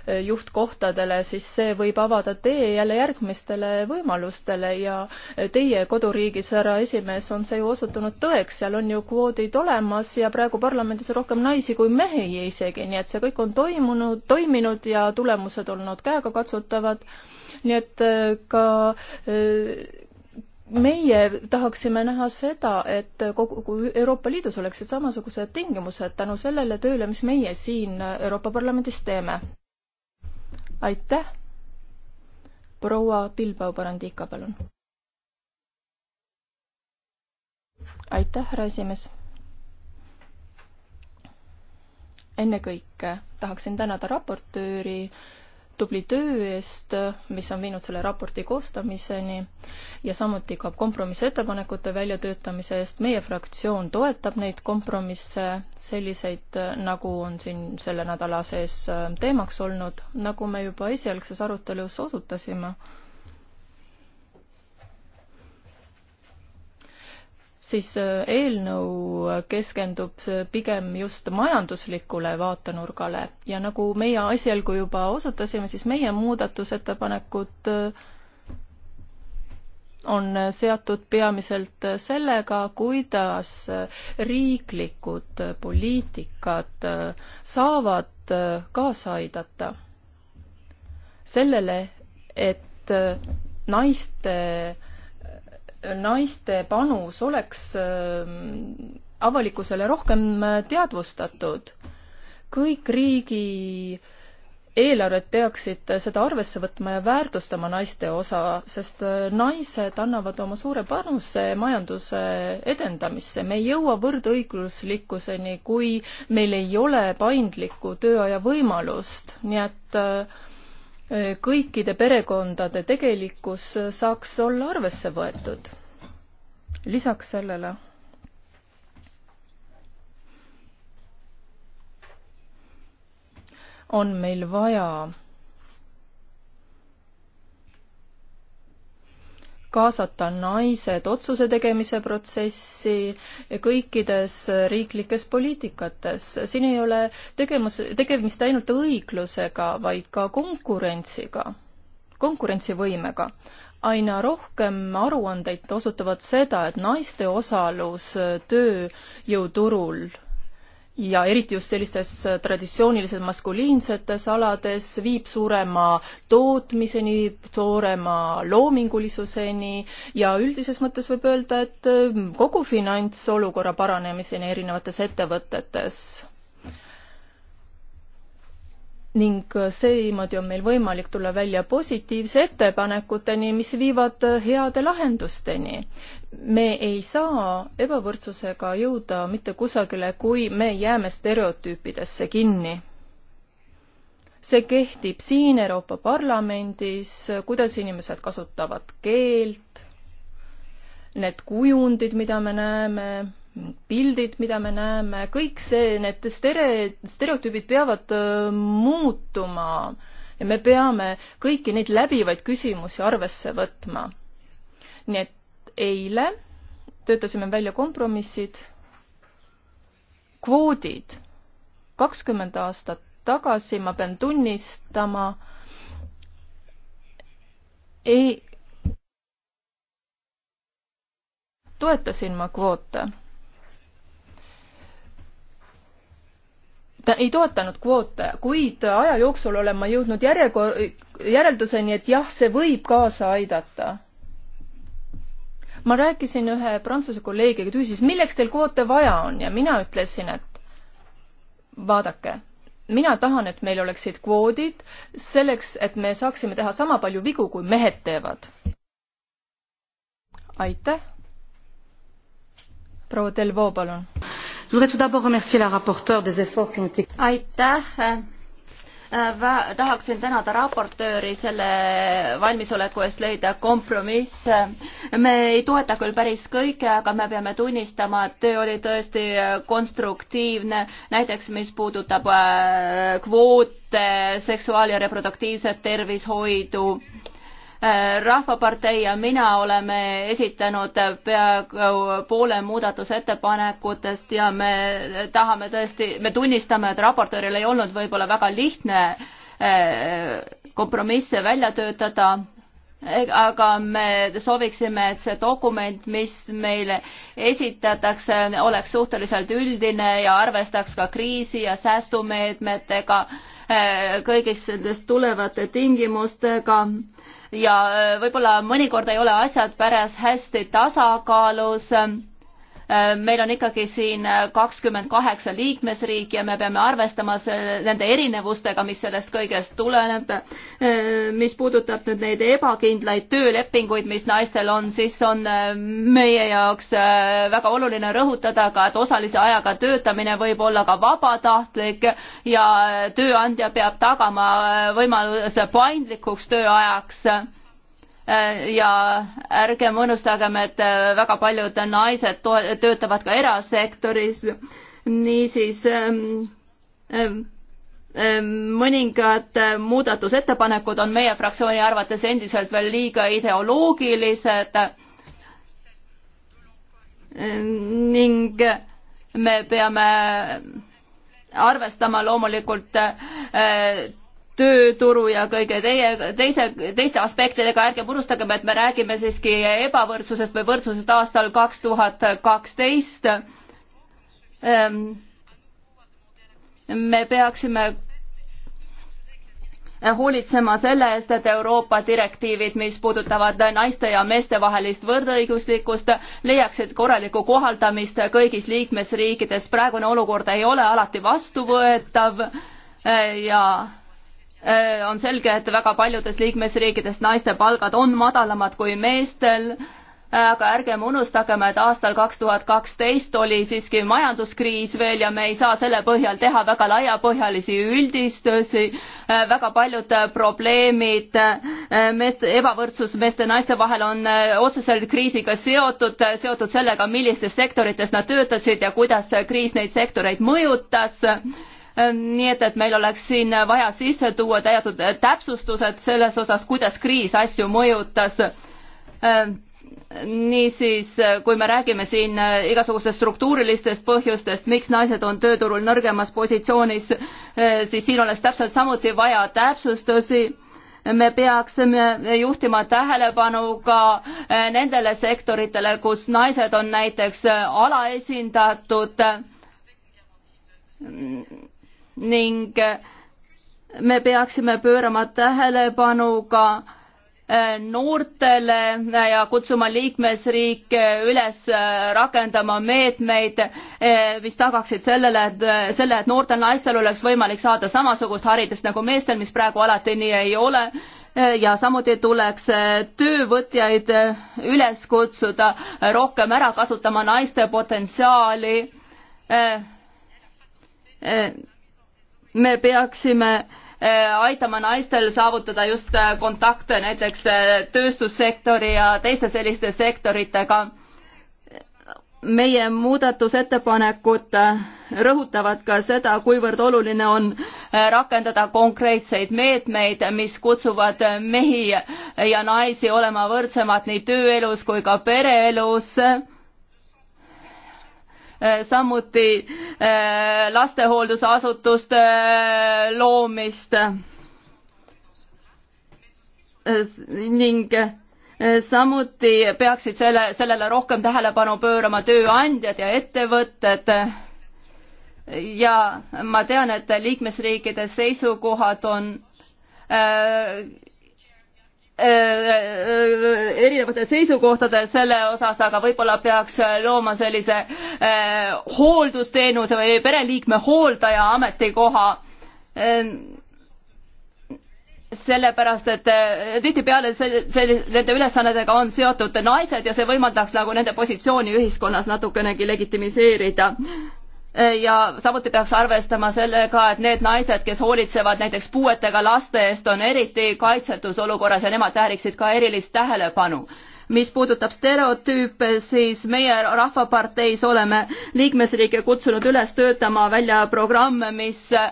äh, juhtkohtadele, siis see võib avada tee jälle järgmistele võimalustele ja äh, teie koduriigis, härra esimees, on see ju osutunud tõeks, seal on ju kvoodid olemas ja praegu parlamendis on rohkem naisi kui mehi isegi, nii et see kõik on toimunud, toiminud ja tulemused olnud käegakatsutavad. nii et ka meie tahaksime näha seda, et kogu, kui Euroopa Liidus oleksid samasugused tingimused tänu sellele tööle, mis meie siin Euroopa Parlamendis teeme. aitäh. proua Bilbao Barandika, palun. aitäh, härra esimees. ennekõike tahaksin tänada raportööri äh, tubli töö eest, mis on viinud selle raporti koostamiseni ja samuti ka kompromissettepanekute väljatöötamise eest. meie fraktsioon toetab neid kompromisse, selliseid, nagu on siin selle nädala sees äh, teemaks olnud, nagu me juba esialgses arutelus osutasime siis äh, eelnõu äh, keskendub äh, pigem just majanduslikule vaatenurgale ja nagu meie asjalgu juba osutasime, siis meie muudatusettepanekud on seatud peamiselt sellega, kuidas riiklikud poliitikad saavad kaasa aidata sellele, et naiste naiste panus oleks ähm, avalikkusele rohkem äh, teadvustatud. kõik riigi eelarved peaksid seda arvesse võtma ja väärtustama naiste osa, sest äh, naised annavad oma suure panuse majanduse edendamisse. me ei jõua võrdõiguslikkuseni, kui meil ei ole paindlikku tööaja võimalust, nii et äh, kõikide perekondade tegelikkus saaks olla arvesse võetud. lisaks sellele on meil vaja kaasata naised otsuse tegemise protsessi kõikides riiklikes poliitikates. siin ei ole tegemus, tegemist ainult õiglusega, vaid ka konkurentsiga, konkurentsivõimega aina rohkem aruandeid osutavad seda, et naiste osalus tööjõuturul ja eriti just sellistes äh, traditsiooniliselt maskuliinsetes alades viib suurema tootmiseni, suurema loomingulisuseni ja üldises mõttes võib öelda, et äh, kogu finantsolukorra paranemiseni erinevates ettevõtetes ning seemoodi on meil võimalik tulla välja positiivse ettepanekuteni, mis viivad heade lahendusteni. me ei saa ebavõrdsusega jõuda mitte kusagile, kui me jääme stereotüüpidesse kinni. see kehtib siin Euroopa Parlamendis, kuidas inimesed kasutavad keelt, need kujundid, mida me näeme pildid, mida me näeme, kõik see, need stere-, stereotüübid peavad äh, muutuma ja me peame kõiki neid läbivaid küsimusi arvesse võtma. nii et eile töötasime välja kompromissid, kvoodid. kakskümmend aastat tagasi, ma pean tunnistama, ei, toetasin ma kvoote ta ei toetanud kvoote, kuid aja jooksul olen ma jõudnud järjekor-, järelduseni, et jah, see võib kaasa aidata. ma rääkisin ühe prantsuse kolleegiga, ta küsis, milleks teil kvoote vaja on ja mina ütlesin, et vaadake, mina tahan, et meil oleksid kvoodid selleks, et me saaksime teha sama palju vigu, kui mehed teevad. aitäh. proua Delvaux, palun aitäh! Äh, tahaksin tänada raportööri selle valmisoleku eest leida kompromiss. me ei toeta küll päris kõike, aga me peame tunnistama, et töö oli tõesti konstruktiivne, näiteks mis puudutab äh, kvoote, seksuaal- ja reproduktiivset tervishoidu Äh, rahvapartei ja mina oleme esitanud peaaegu poole muudatusettepanekutest ja me tahame tõesti, me tunnistame, et raportööril ei olnud võib-olla väga lihtne äh, kompromisse välja töötada, aga me sooviksime, et see dokument, mis meile esitatakse, oleks suhteliselt üldine ja arvestaks ka kriisi ja säästumeetmetega, äh, kõigiks nendest tulevate tingimustega ja äh, võib-olla mõnikord ei ole asjad päris hästi tasakaalus Äh, meil on ikkagi siin äh, kakskümmend kaheksa liikmesriiki ja me peame arvestama nende erinevustega, mis sellest kõigest tuleneb. Äh, mis puudutab nüüd neid ebakindlaid töölepinguid, mis naistel on, siis on meie jaoks väga oluline rõhutada ka, et osalise ajaga töötamine võib olla ka vabatahtlik ja tööandja peab tagama võimaluse paindlikuks tööajaks Äh, ja ärgem unustagem, et äh, väga paljud naised töötavad ka erasektoris. niisiis ähm, ähm, ähm, mõningad äh, muudatusettepanekud on meie fraktsiooni arvates endiselt veel liiga ideoloogilised ning me peame arvestama loomulikult tööturu ja kõige teie, teise, teiste aspektidega, ärgem unustagem, et me räägime siiski ebavõrdsusest või võrdsusest aastal kaks tuhat kaksteist. Ehm, me peaksime hoolitsema selle eest, et Euroopa direktiivid, mis puudutavad naiste ja meeste vahelist võrdõiguslikkust, leiaksid korralikku kohaldamist kõigis liikmesriikides. praegune olukord ei ole alati vastuvõetav eh, ja Äh, on selge, et väga paljudes liikmesriikides naiste palgad on madalamad kui meestel, äh, aga ärgem unustagem, et aastal kaks tuhat kaksteist oli siiski majanduskriis veel ja me ei saa selle põhjal teha väga laiapõhjalisi üldistusi, äh, väga paljud probleemid, meeste, ebavõrdsus meeste ja naiste vahel on otseselt kriisiga seotud, seotud sellega, millistes sektorites nad töötasid ja kuidas kriis neid sektoreid mõjutas nii et, et meil oleks siin vaja sisse tuua teatud täpsustused selles osas, kuidas kriis asju mõjutas. Ähm, niisiis, kui me räägime siin äh, igasugustest struktuurilistest põhjustest, miks naised on tööturul nõrgemas positsioonis, äh, siis siin oleks täpselt samuti vaja täpsustusi me peaksime juhtima tähelepanu ka äh, nendele sektoritele, kus naised on näiteks alaesindatud ning eh, me peaksime pöörama tähelepanu ka eh, noortele eh, ja kutsuma liikmesriike üles rakendama meetmeid, mis tagaksid sellele, et selle, et noortel naistel oleks võimalik saada samasugust haridust nagu meestel, mis praegu alati nii ei ole ja samuti tuleks töövõtjaid üles kutsuda rohkem ära kasutama naiste potentsiaali me peaksime eh, aitama naistel saavutada just eh, kontakte näiteks eh, tööstussektori ja teiste selliste sektoritega. meie muudatusettepanekud rõhutavad ka seda, kuivõrd oluline on rakendada konkreetseid meetmeid, mis kutsuvad mehi ja naisi olema võrdsemad nii tööelus kui ka pereelus Äh, samuti äh, lastehooldusasutuste äh, loomist ning samuti peaksid selle, sellele rohkem tähelepanu pöörama tööandjad ja ettevõtted ja ma tean, et liikmesriikide seisukohad on Äh, äh, erinevatel seisukohtadel selle osas, aga võib-olla peaks looma sellise äh, hooldusteenuse või pereliikme hooldaja ametikoha. Ähm, sellepärast, et tihtipeale selle, selle, nende ülesannetega on seotud naised ja see võimaldaks nagu nende positsiooni ühiskonnas natukenegi legitimiseerida ja samuti peaks arvestama sellega, et need naised, kes hoolitsevad näiteks puuetega laste eest, on eriti kaitsetus olukorras ja nemad vääriksid ka erilist tähelepanu. mis puudutab stereotüüpe, siis meie Rahvaparteis oleme liikmesriike kutsunud üles töötama välja programme, mis äh,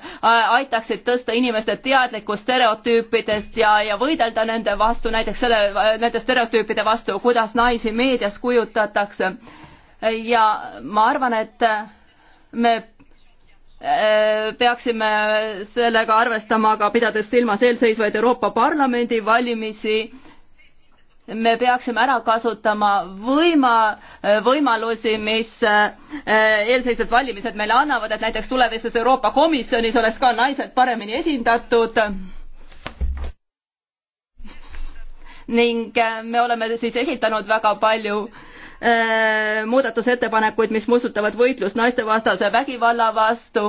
aitaksid tõsta inimeste teadlikkust stereotüüpidest ja, ja võidelda nende vastu, näiteks selle, nende stereotüüpide vastu, kuidas naisi meedias kujutatakse. ja ma arvan, et me äh, peaksime sellega arvestama ka pidades silmas eelseisvaid Euroopa Parlamendi valimisi. me peaksime ära kasutama võima, äh, võimalusi, mis äh, eelseisvad valimised meile annavad, et näiteks tulevises Euroopa Komisjonis oleks ka naised paremini esindatud. ning me oleme siis esitanud väga palju äh, Äh, muudatusettepanekuid, mis puudutavad võitlust naistevastase vägivalla vastu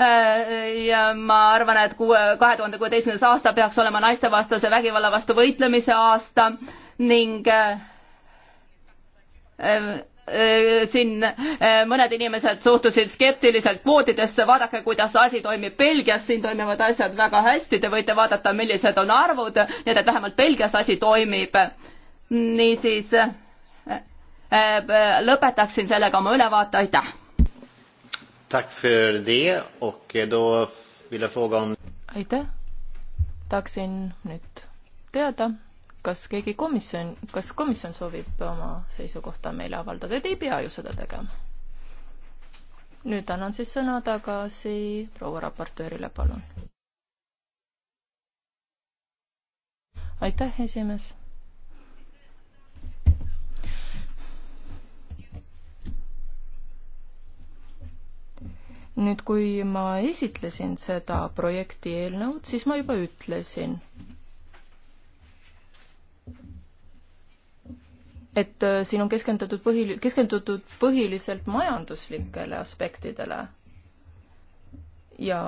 äh, ja ma arvan, et kuue, kahe tuhande kuueteistkümnes aasta peaks olema naistevastase vägivalla vastu võitlemise aasta ning äh, siin mõned inimesed suhtusid skeptiliselt kvootidesse, vaadake, kuidas asi toimib Belgias, siin toimivad asjad väga hästi, te võite vaadata, millised on arvud, nii et vähemalt Belgias asi toimib. niisiis Äh, äh, lõpetaksin sellega oma ülevaate, aitäh! Eh, aitäh, tahaksin nüüd teada, kas keegi komisjon, kas komisjon soovib oma seisukohta meile avaldada, te ei pea ju seda tegema. nüüd annan siis sõna tagasi proua raportöörile, palun. aitäh, esimees nüüd, kui ma esitlesin seda projekti eelnõud, siis ma juba ütlesin, et äh, siin on keskendutud põhi, keskendutud põhiliselt majanduslikele aspektidele. ja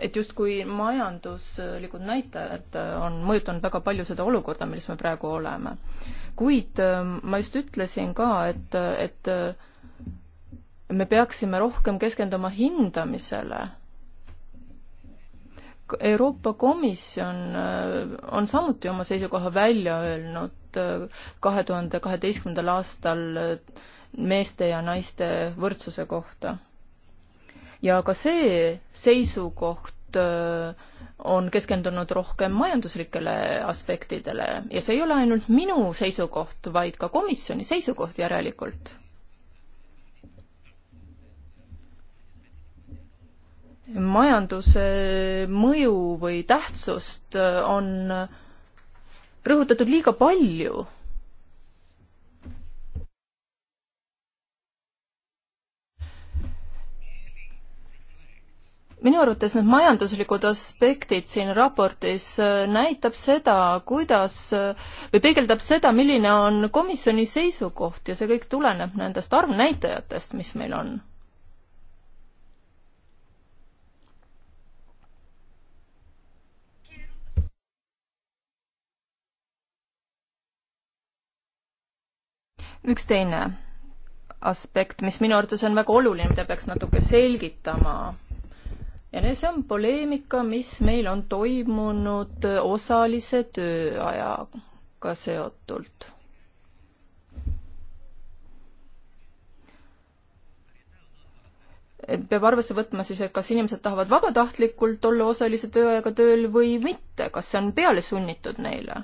et justkui majanduslikud näitajad äh, on mõjutanud väga palju seda olukorda, milles me praegu oleme. kuid äh, ma just ütlesin ka, et, et me peaksime rohkem keskenduma hindamisele. Euroopa Komisjon äh, on samuti oma seisukoha välja öelnud äh, kahe tuhande kaheteistkümnendal aastal äh, meeste ja naiste võrdsuse kohta. ja ka see seisukoht on keskendunud rohkem majanduslikele aspektidele ja see ei ole ainult minu seisukoht, vaid ka komisjoni seisukoht järelikult majanduse mõju või tähtsust eh, on rõhutatud liiga palju. minu arvates need majanduslikud aspektid siin raportis eh, näitab seda, kuidas eh, või peegeldab seda, milline on komisjoni seisukoht ja see kõik tuleneb nendest arvnäitajatest, mis meil on üks teine aspekt, mis minu arvates on väga oluline, mida peaks natuke selgitama. ja see on poleemika, mis meil on toimunud osalise tööajaga seotult. peab arvesse võtma siis, et kas inimesed tahavad vabatahtlikult olla osalise tööajaga tööl või mitte, kas see on peale sunnitud neile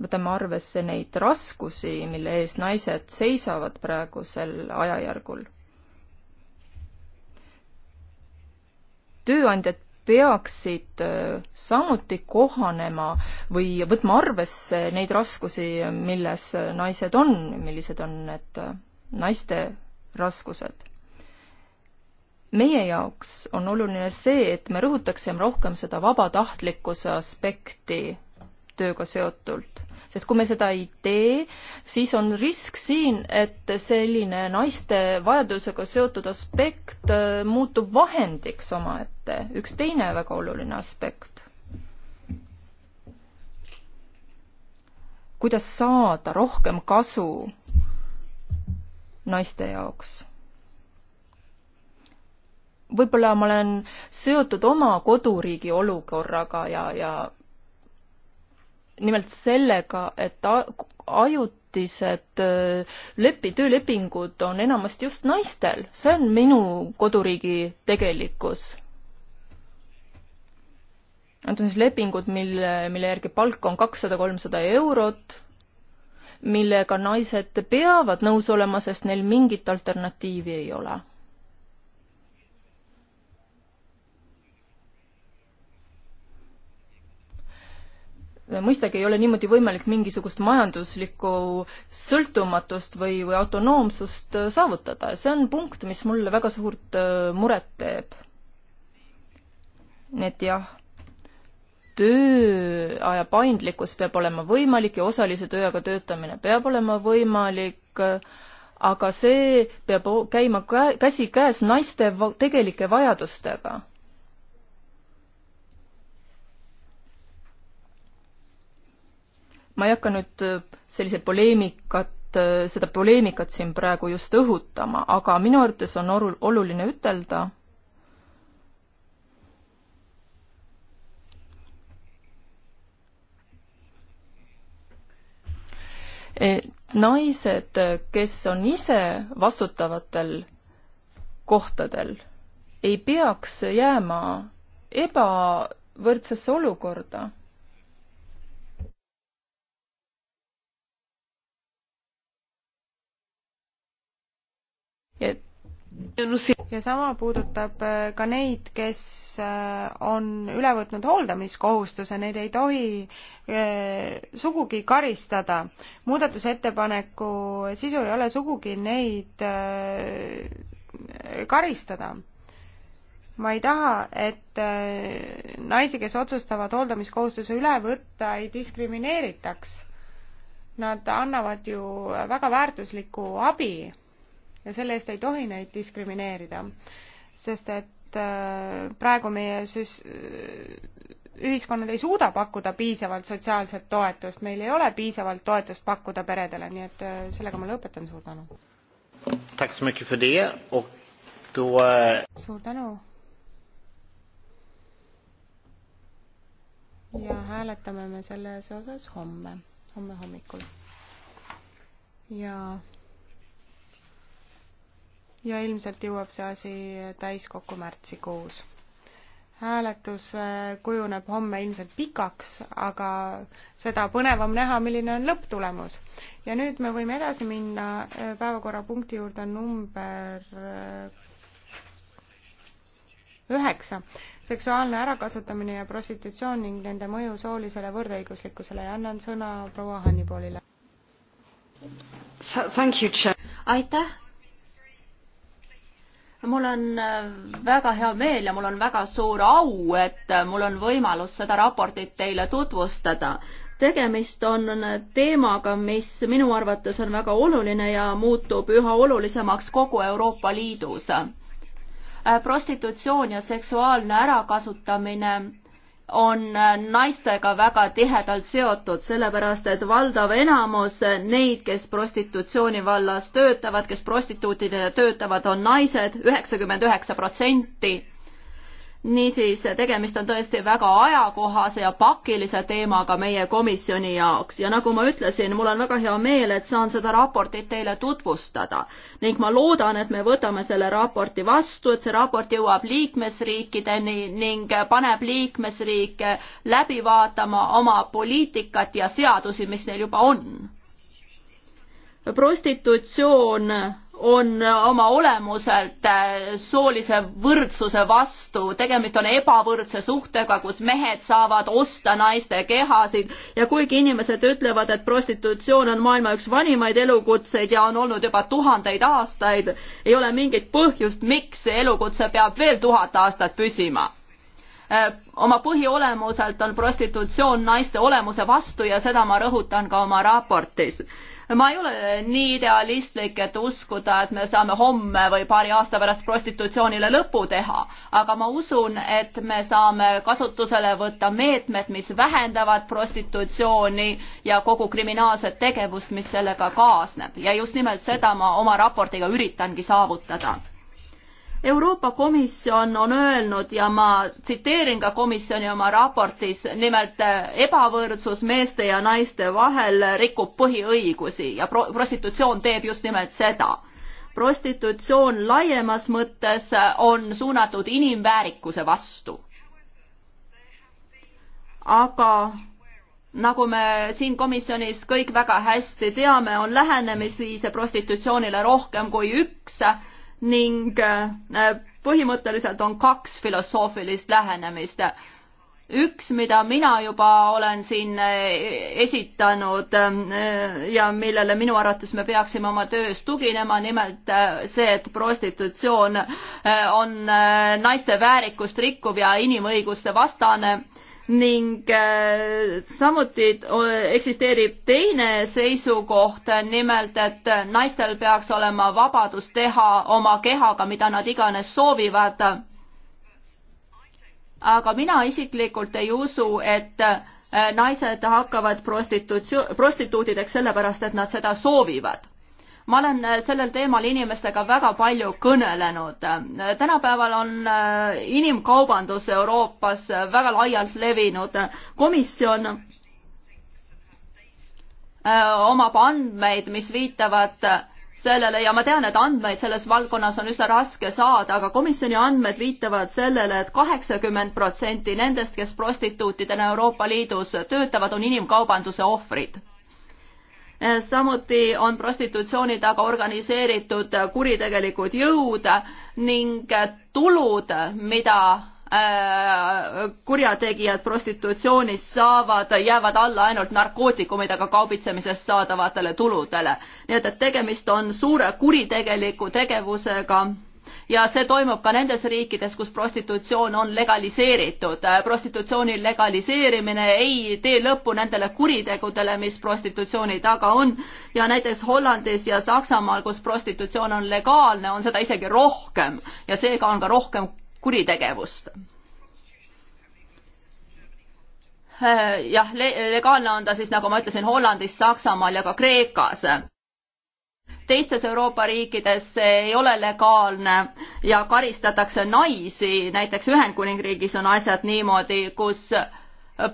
võtame arvesse neid raskusi, mille ees naised seisavad praegusel ajajärgul. tööandjad peaksid äh, samuti kohanema või võtma arvesse neid raskusi, milles naised on, millised on need äh, naiste raskused. meie jaoks on oluline see, et me rõhutaksime rohkem seda vabatahtlikkuse aspekti tööga seotult. sest kui me seda ei tee, siis on risk siin, et selline naiste vajadusega seotud aspekt äh, muutub vahendiks omaette, üks teine väga oluline aspekt. kuidas saada rohkem kasu naiste jaoks võib-olla ma olen seotud oma koduriigi olukorraga ja, ja nimelt sellega, et ajutised äh, lepi-, töölepingud on enamasti just naistel, see on minu koduriigi tegelikkus. Need on siis lepingud, mille, mille järgi palk on kakssada, kolmsada eurot, millega naised peavad nõus olema, sest neil mingit alternatiivi ei ole mõistagi ei ole niimoodi võimalik mingisugust majanduslikku sõltumatust või, või autonoomsust äh, saavutada ja see on punkt, mis mulle väga suurt äh, muret teeb. nii et jah, tööaja paindlikkus peab olema võimalik ja osalise tööajaga töötamine peab olema võimalik, äh, aga see peab käima käsikäes naiste tegelike vajadustega ma ei hakka nüüd äh, sellise poleemikat, äh, seda poleemikat siin praegu just õhutama, aga minu arvates on oru-, oluline ütelda, naised, kes on ise vastutavatel kohtadel, ei peaks jääma ebavõrdsesse olukorda ja ja sama puudutab äh, ka neid, kes äh, on üle võtnud hooldamiskohustuse, neid ei tohi äh, sugugi karistada. muudatusettepaneku sisu ei ole sugugi neid karistada. ma ei taha, et naisi, kes otsustavad hooldamiskohustuse üle võtta, ei diskrimineeritaks. Nad annavad ju väga väärtuslikku abi ja selle eest ei tohi neid diskrimineerida, sest et äh, praegu meie süs-, äh, ühiskonnad ei suuda pakkuda piisavalt sotsiaalset toetust, meil ei ole piisavalt toetust pakkuda peredele, nii et äh, sellega ma lõpetan, suur tänu. suur tänu. ja hääletame me selles osas homme, homme hommikul. ja ja ilmselt jõuab see asi täiskokku märtsikuus. hääletus äh, kujuneb homme ilmselt pikaks, aga seda põnevam näha, milline on lõpptulemus. ja nüüd me võime edasi minna, äh, päevakorrapunkti juurde on number äh, üheksa, seksuaalne ärakasutamine ja prostitutsioon ning nende mõju soolisele võrdõiguslikkusele ja annan sõna proua Hannipoolile. aitäh mul on äh, väga hea meel ja mul on väga suur au, et äh, mul on võimalus seda raportit teile tutvustada. tegemist on teemaga, mis minu arvates on väga oluline ja muutub üha olulisemaks kogu Euroopa Liidus. Äh, prostitutsioon ja seksuaalne ärakasutamine on naistega väga tihedalt seotud, sellepärast et valdav enamus neid, kes prostitutsiooni vallas töötavad, kes prostituutidena töötavad, on naised, üheksakümmend üheksa protsenti niisiis, tegemist on tõesti väga ajakohase ja pakilise teemaga meie komisjoni jaoks ja nagu ma ütlesin, mul on väga hea meel, et saan seda raportit teile tutvustada ning ma loodan, et me võtame selle raporti vastu, et see raport jõuab liikmesriikideni ning paneb liikmesriike läbi vaatama oma poliitikat ja seadusi, mis neil juba on. prostitutsioon on oma olemuselt äh, soolise võrdsuse vastu, tegemist on ebavõrdse suhtega, kus mehed saavad osta naiste kehasid ja kuigi inimesed ütlevad, et prostitutsioon on maailma üks vanimaid elukutseid ja on olnud juba tuhandeid aastaid, ei ole mingit põhjust, miks see elukutse peab veel tuhat aastat püsima äh, oma põhiolemuselt on prostitutsioon naiste olemuse vastu ja seda ma rõhutan ka oma raportis ma ei ole nii idealistlik, et uskuda, et me saame homme või paari aasta pärast prostitutsioonile lõpu teha, aga ma usun, et me saame kasutusele võtta meetmed, mis vähendavad prostitutsiooni ja kogu kriminaalset tegevust, mis sellega kaasneb ja just nimelt seda ma oma raportiga üritangi saavutada Euroopa Komisjon on öelnud ja ma tsiteerin ka komisjoni oma raportis, nimelt äh, ebavõrdsus meeste ja naiste vahel rikub põhiõigusi ja pro prostitutsioon teeb just nimelt seda. prostitutsioon laiemas mõttes on suunatud inimväärikuse vastu. aga nagu me siin komisjonis kõik väga hästi teame, on lähenemisviise prostitutsioonile rohkem kui üks ning äh, põhimõtteliselt on kaks filosoofilist lähenemist. üks, mida mina juba olen siin äh, esitanud ähm, äh, ja millele minu arvates me peaksime oma töös tuginema, nimelt see, et prostitutsioon on naiste väärikust rikkuv ja inimõiguste vastane ning äh, samuti äh, eksisteerib teine seisukoht, äh, nimelt et naistel peaks olema vabadus teha oma kehaga, mida nad iganes soovivad. aga mina isiklikult ei usu, et naised hakkavad prostitutsio-, prostituutideks sellepärast, et nad seda soovivad ma olen äh, sellel teemal inimestega väga palju kõnelenud. Äh, tänapäeval on äh, inimkaubandus Euroopas väga laialt levinud. komisjon omab andmeid, mis viitavad sellele ja ma tean, et andmeid selles valdkonnas on üsna raske saada, aga komisjoni andmed viitavad sellele et, et kaheksakümmend protsenti nendest, kes prostituutidena Euroopa Liidus töötavad, on inimkaubanduse ohvrid samuti on prostitutsiooni taga organiseeritud kuritegelikud jõud ning tulud, mida äh, kurjategijad prostitutsioonist saavad, jäävad alla ainult narkootikumidega kaubitsemisest saadavatele tuludele. nii et, et tegemist on suure kuritegeliku tegevusega ja see toimub ka nendes riikides, kus prostitutsioon on legaliseeritud. prostitutsiooni legaliseerimine ei tee lõppu nendele kuritegudele, mis prostitutsiooni taga on ja näiteks Hollandis ja Saksamaal, kus prostitutsioon on legaalne, on seda isegi rohkem ja seega on ka rohkem kuritegevust jah, legaalne on ta siis, nagu ma ütlesin, Hollandis, Saksamaal ja ka Kreekas teistes Euroopa riikides see ei ole legaalne ja karistatakse naisi, näiteks Ühendkuningriigis on asjad niimoodi, kus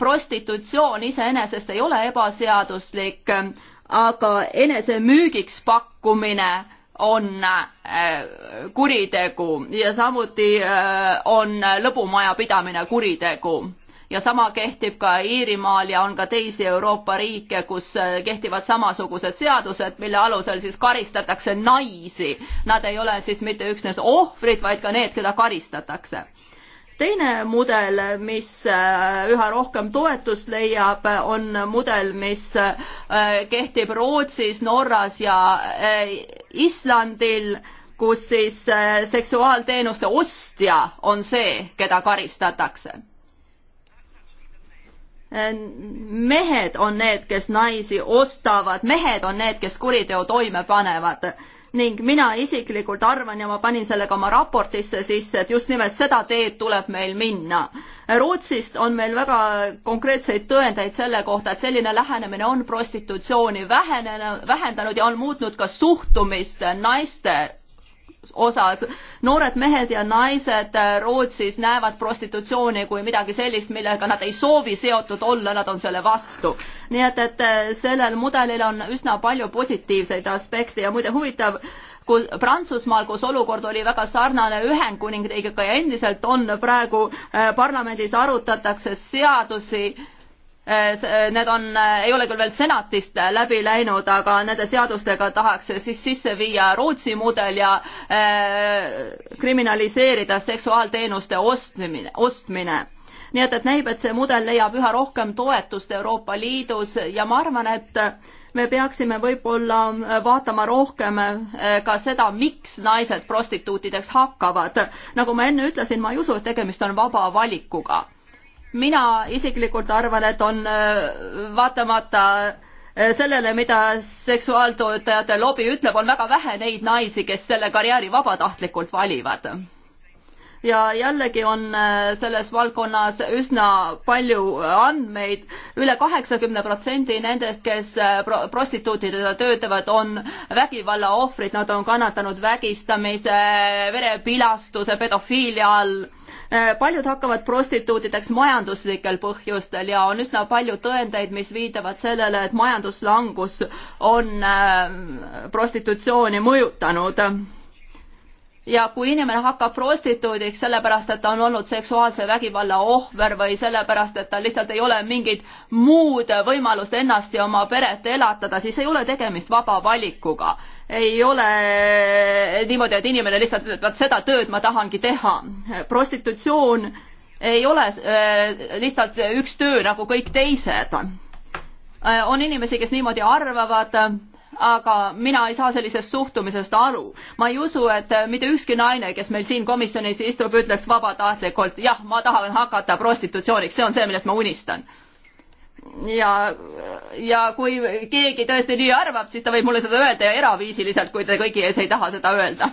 prostitutsioon iseenesest ei ole ebaseaduslik, aga enesemüügiks pakkumine on äh, kuritegu ja samuti äh, on lõbumajapidamine kuritegu ja sama kehtib ka Iirimaal ja on ka teisi Euroopa riike, kus äh, kehtivad samasugused seadused, mille alusel siis karistatakse naisi. Nad ei ole siis mitte üksnes ohvrid, vaid ka need, keda karistatakse teine mudel, mis äh, üha rohkem toetust leiab, on mudel, mis äh, kehtib Rootsis, Norras ja Islandil, kus siis seksuaalteenuste ostja on see, keda karistatakse mehed on need, kes naisi ostavad, mehed on need, kes kuriteo toime panevad ning mina isiklikult arvan ja ma panin selle ka oma raportisse sisse, et just nimelt seda teed tuleb meil minna. Rootsist on meil väga konkreetseid tõendeid selle kohta, et selline lähenemine on prostitutsiooni vähenenud, vähendanud ja on muutnud ka suhtumist naiste osas. noored mehed ja naised äh, Rootsis näevad prostitutsiooni kui midagi sellist, millega nad ei soovi seotud olla, nad on selle vastu. nii et, et äh, sellel mudelil on üsna palju positiivseid aspekte ja muide huvitav, kui Prantsusmaal, kus olukord oli väga sarnane Ühendkuningriigiga ja endiselt on, praegu äh, parlamendis arutatakse seadusi Äh, äh, need on, äh, ei ole küll veel senatist läbi läinud, aga nende seadustega tahaks siis sisse viia Rootsi mudel ja kriminaliseerida seksuaalteenuste ostmine, ostmine nii et, et näib, et see mudel leiab üha rohkem toetust Euroopa Liidus ja ma arvan, et me peaksime võib-olla vaatama rohkem ka seda, miks naised prostituutideks hakkavad. nagu ma enne ütlesin, ma ei usu, et tegemist on vaba valikuga mina isiklikult arvan, et on äh, vaatamata äh, sellele, mida seksuaaltöötajate lobi ütleb, on väga vähe neid naisi, kes selle karjääri vabatahtlikult valivad. ja jällegi on äh, selles valdkonnas üsna palju andmeid üle, üle kaheksakümne protsendi nendest, kes prostituutidena töötavad, on vägivalla ohvrid, nad on kannatanud vägistamise, verepilastuse, pedofiilia all Äh, paljud hakkavad prostituutideks majanduslikel põhjustel ja on üsna palju tõendeid, mis viitavad sellele, et majanduslangus on äh, prostitutsiooni mõjutanud ja kui inimene hakkab prostituudiks sellepärast, et ta on olnud seksuaalse vägivalla ohver või sellepärast, et tal lihtsalt ei ole mingit muud võimalust ennast ja oma peret elatada, siis ei ole tegemist vaba valikuga ei ole niimoodi, et inimene lihtsalt ütleb, et vot seda tööd ma tahangi teha. prostitutsioon ei ole äh, lihtsalt üks töö nagu kõik teised. Äh, on inimesi, kes niimoodi arvavad, aga mina ei saa sellisest suhtumisest aru. ma ei usu, et äh, mitte ükski naine, kes meil siin komisjonis istub, ütleks vabatahtlikult, jah, ma tahan hakata prostitutsiooniks, see on see, millest ma unistan ja, ja kui keegi tõesti nii arvab, siis ta võib mulle seda öelda ja eraviisiliselt, kui ta kõigi ees ei taha seda öelda.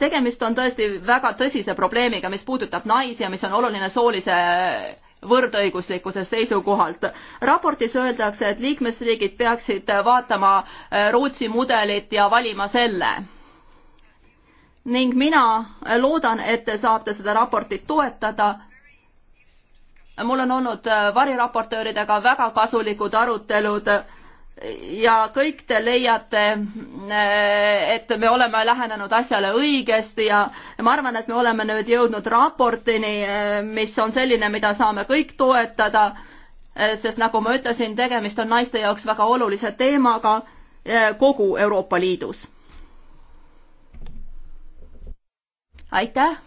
tegemist on tõesti väga tõsise probleemiga, mis puudutab naisi ja mis on oluline soolise võrdõiguslikkuse seisukohalt. raportis öeldakse, et liikmesriigid peaksid vaatama eh, Rootsi mudelit ja valima selle. ning mina loodan, et te saate seda raportit toetada mul on olnud äh, variraportööridega väga kasulikud arutelud ja kõik te leiate, äh, et me oleme lähenenud asjale õigesti ja ma arvan, et me oleme nüüd jõudnud raportini, äh, mis on selline, mida saame kõik toetada, sest nagu ma ütlesin, tegemist on naiste jaoks väga olulise teemaga kogu Euroopa Liidus. aitäh!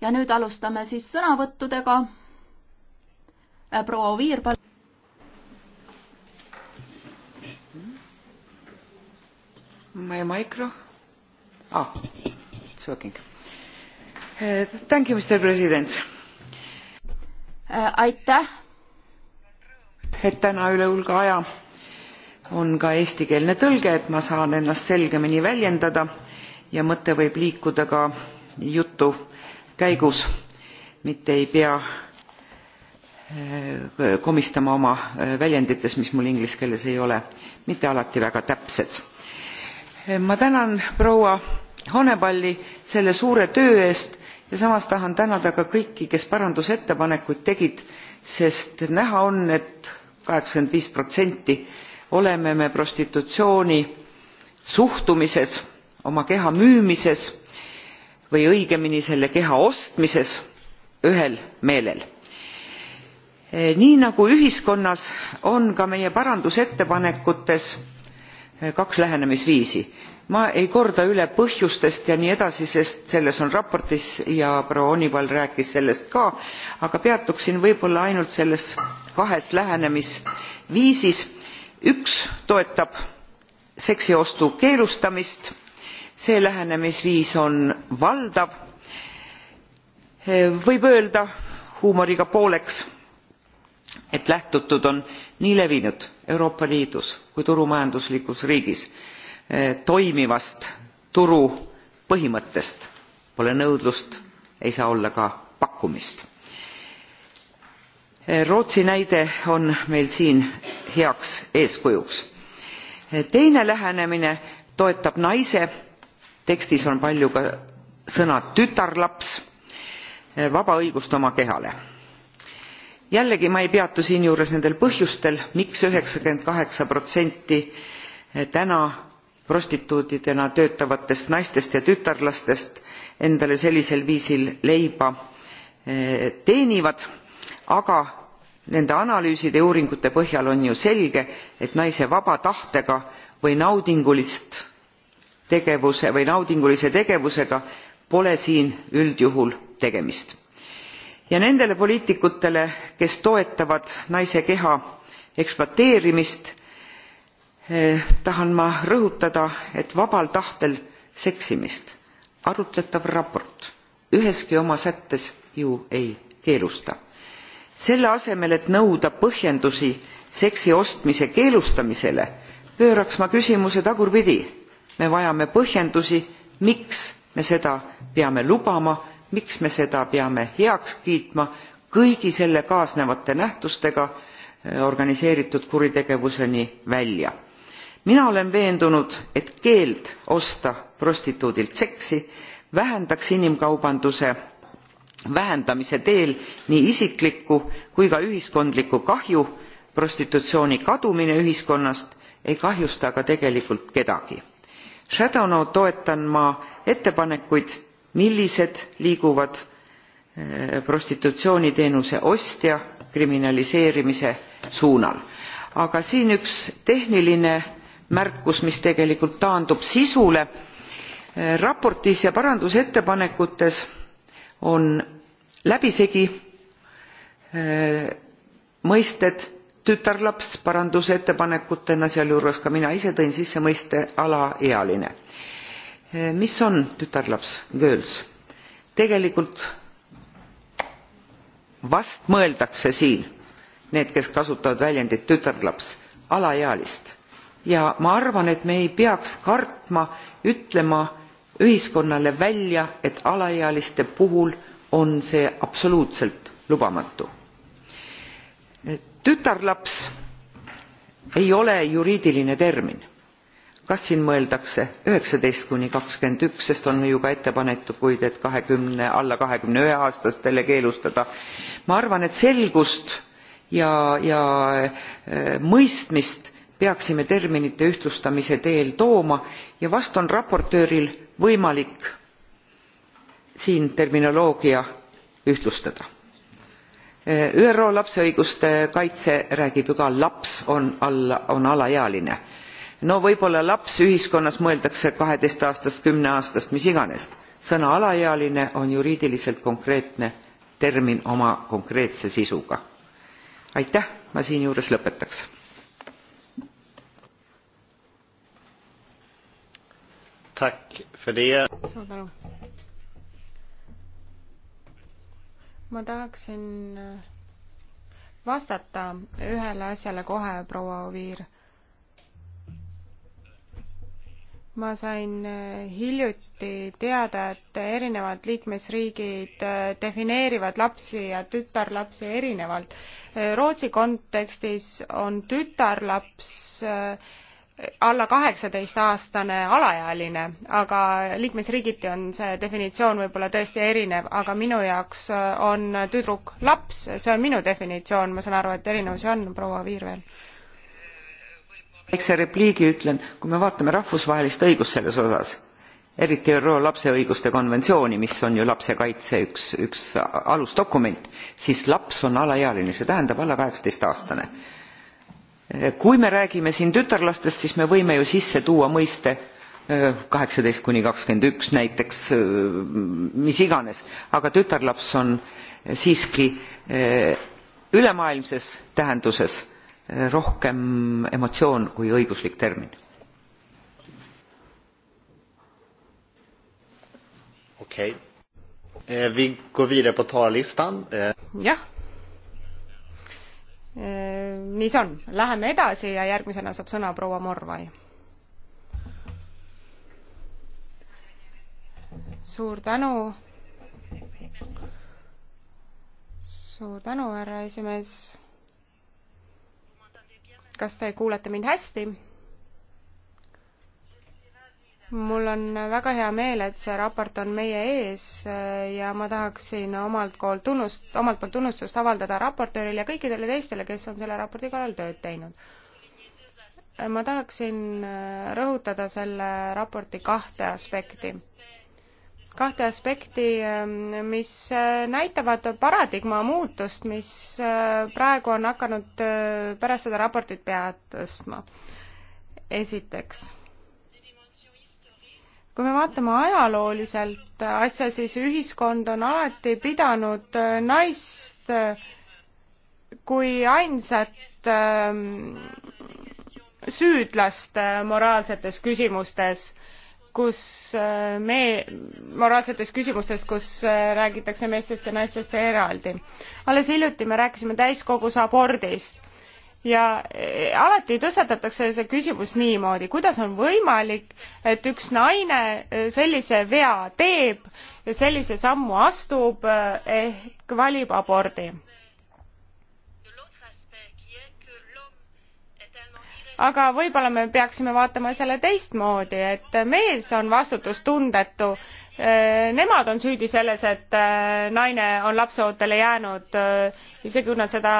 ja nüüd alustame siis sõnavõttudega. Äh, proua Oviir, palun. My micro? Ah, it's working. Uh, thank you, Mr. President. Uh, aitäh. Et täna üle hulga aja on ka eestikeelne tõlge et ma saan ennast selgemini väljendada ja mõte võib liikuda ka jutu käigus mitte ei pea eh, komistama oma eh, väljendites mis mul inglise keeles ei ole mitte alati väga täpsed. Eh, ma tänan proua honeyballi selle suure töö eest ja samas tahan tänada ka kõiki kes parandusettepanekuid tegid sest näha on et oleme me prostitutsiooni suhtumises oma keha müümises või õigemini selle keha ostmises ühel meelel. E, nii nagu ühiskonnas on ka meie parandusettepanekutes e, kaks lähenemisviisi. ma ei korda üle põhjustest ja nii edasi sest selles on raportis ja proua honeywell rääkis sellest ka aga peatuksin võib-olla ainult selles kahes lähenemisviisis üks toetab seksiostu keelustamist see lähenemisviis on valdav võib öelda huumoriga pooleks et lähtutud on nii levinud euroopa liidus kui turumajanduslikus riigis eh, toimivast turu põhimõttest pole nõudlust ei saa olla ka pakkumist. Eh, rootsi näide on meil siin heaks eeskujuks. Eh, teine lähenemine toetab naise tekstis on palju ka sõna tütarlaps eh, vaba õigust oma kehale. jällegi ma ei peatu siinjuures nendel põhjustel miks eh, täna prostituutidena töötavatest naistest ja tütarlastest endale sellisel viisil leiba eh, teenivad aga nende analüüside ja uuringute põhjal on ju selge et naise vaba tahtega või naudingulist tegevuse või naudingulise tegevusega pole siin üldjuhul tegemist. ja nendele poliitikutele kes toetavad naise keha ekspluateerimist eh, tahan ma rõhutada et vabal tahtel seksimist arutletav raport üheski oma sättes ju ei keelusta. selle asemel et nõuda põhjendusi seksi ostmise keelustamisele pööraks ma küsimuse tagurpidi me vajame põhjendusi miks me seda peame lubama miks me seda peame heaks kiitma kõigi selle kaasnevate nähtustega eh, organiseeritud kuritegevuseni välja. mina olen veendunud et keeld osta prostituudilt seksi vähendaks inimkaubanduse vähendamise teel nii isiklikku kui ka ühiskondlikku kahju prostitutsiooni kadumine ühiskonnast ei kahjusta aga tegelikult kedagi shadowna toetan ma ettepanekuid millised liiguvad eh, prostitutsiooniteenuse ostja kriminaliseerimise suunal aga siin üks tehniline märkus mis tegelikult taandub sisule eh, raportis ja parandusettepanekutes on läbisegi eh, mõisted tütarlaps parandusettepanekutena sealjuures ka mina ise tõin sisse mõiste alaealine. Eh, mis on tütarlaps girls? tegelikult vast mõeldakse siin need kes kasutavad väljendit tütarlaps alaealist ja ma arvan et me ei peaks kartma ütlema ühiskonnale välja et alaealiste puhul on see absoluutselt lubamatu tütarlaps ei ole juriidiline termin kas siin mõeldakse üheksateist kuni kakskümmend üks sest on ju ka ettepanekuid et kahekümne alla kahekümne ühe aastastele keelustada ma arvan et selgust ja ja äh, mõistmist peaksime terminite ühtlustamise teel tooma ja vast on raportööril võimalik siin terminoloogia ühtlustada üro lapse õiguste kaitse räägib ju ka laps on alla on alaealine no võibolla laps ühiskonnas mõeldakse kaheteistaastast kümneaastast mis iganes sõna alaealine on juriidiliselt konkreetne termin oma konkreetse sisuga aitäh ma siinjuures lõpetaks suur tänu ma tahaksin äh, vastata ühele asjale kohe, proua Oviir. ma sain äh, hiljuti teada, et erinevad liikmesriigid äh, defineerivad lapsi ja tütarlapsi erinevalt. Rootsi kontekstis on tütarlaps äh, alla kaheksateistaastane alaealine, aga liikmesriigiti on see definitsioon võib-olla tõesti erinev, aga minu jaoks äh, on tüdruk laps, see on minu definitsioon, ma saan aru, et erinevusi on, proua Viir veel. väikse repliigi ütlen, kui me vaatame rahvusvahelist õigust selles osas, eriti ÜRO lapse õiguste konventsiooni, mis on ju lapse kaitse üks, üks alusdokument, siis laps on alaealine, see tähendab alla kaheksateistaastane mm Eh, kui me räägime siin tütarlastest siis me võime ju sisse tuua mõiste eh, kaheksateist kuni kakskümmend üks näiteks eh, mis iganes aga tütarlaps on siiski ülemaailmses tähenduses rohkem emotsioon kui õiguslik termin. okei okay. vi går vidare på talarlistan. jah Äh, nii see on, läheme edasi ja järgmisena saab sõna proua Morvai. suur tänu. suur tänu, härra esimees. kas te kuulete mind hästi? mul on väga hea meel, et see raport on meie ees äh, ja ma tahaksin omalt poolt tunnust, omalt poolt tunnustust avaldada raportöörile ja kõikidele teistele, kes on selle raporti kallal tööd teinud. ma tahaksin äh, rõhutada selle raporti kahte aspekti. kahte aspekti, ähm, mis äh, näitavad paradigma muutust, mis praegu on hakanud pärast seda raportit pead tõstma. esiteks kui me vaatame ajalooliselt asja, siis ühiskond on alati pidanud äh, naist äh, kui ainsat ähm, süüdlast äh, moraalsetes küsimustes, kus me, moraalsetes küsimustes, kus räägitakse meestest ja naistest eraldi. alles hiljuti me rääkisime täiskogus abordist ja eh, alati tõstatatakse see küsimus niimoodi, kuidas on võimalik, et üks naine eh, sellise vea teeb, sellise sammu astub eh, ehk valib abordi. aga võib-olla me peaksime vaatama selle teistmoodi, et mees on vastutustundetu nemad on süüdi selles, et naine on lapseootele jäänud, isegi kui nad seda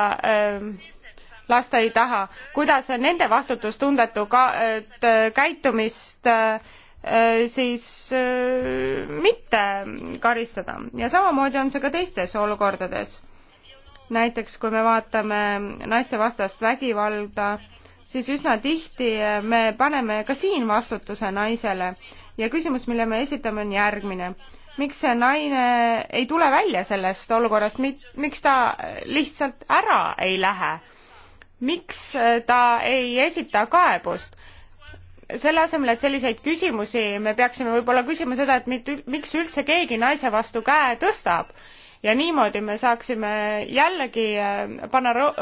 lasta ei taha. kuidas nende vastutustundetu ka-, äh, käitumist äh, äh, siis mitte karistada ja samamoodi on see ka teistes olukordades. näiteks kui me vaatame naistevastast vägivalda, siis üsna tihti me paneme ka siin vastutuse naisele ja küsimus, mille me esitame, on järgmine miks see naine ei tule välja sellest olukorrast, miks ta lihtsalt ära ei lähe? miks äh, ta ei esita kaebust? selle asemel, et selliseid küsimusi, me peaksime võib-olla küsima seda, et mit, miks üldse keegi naise vastu käe tõstab ja niimoodi me saaksime jällegi äh, panna äh,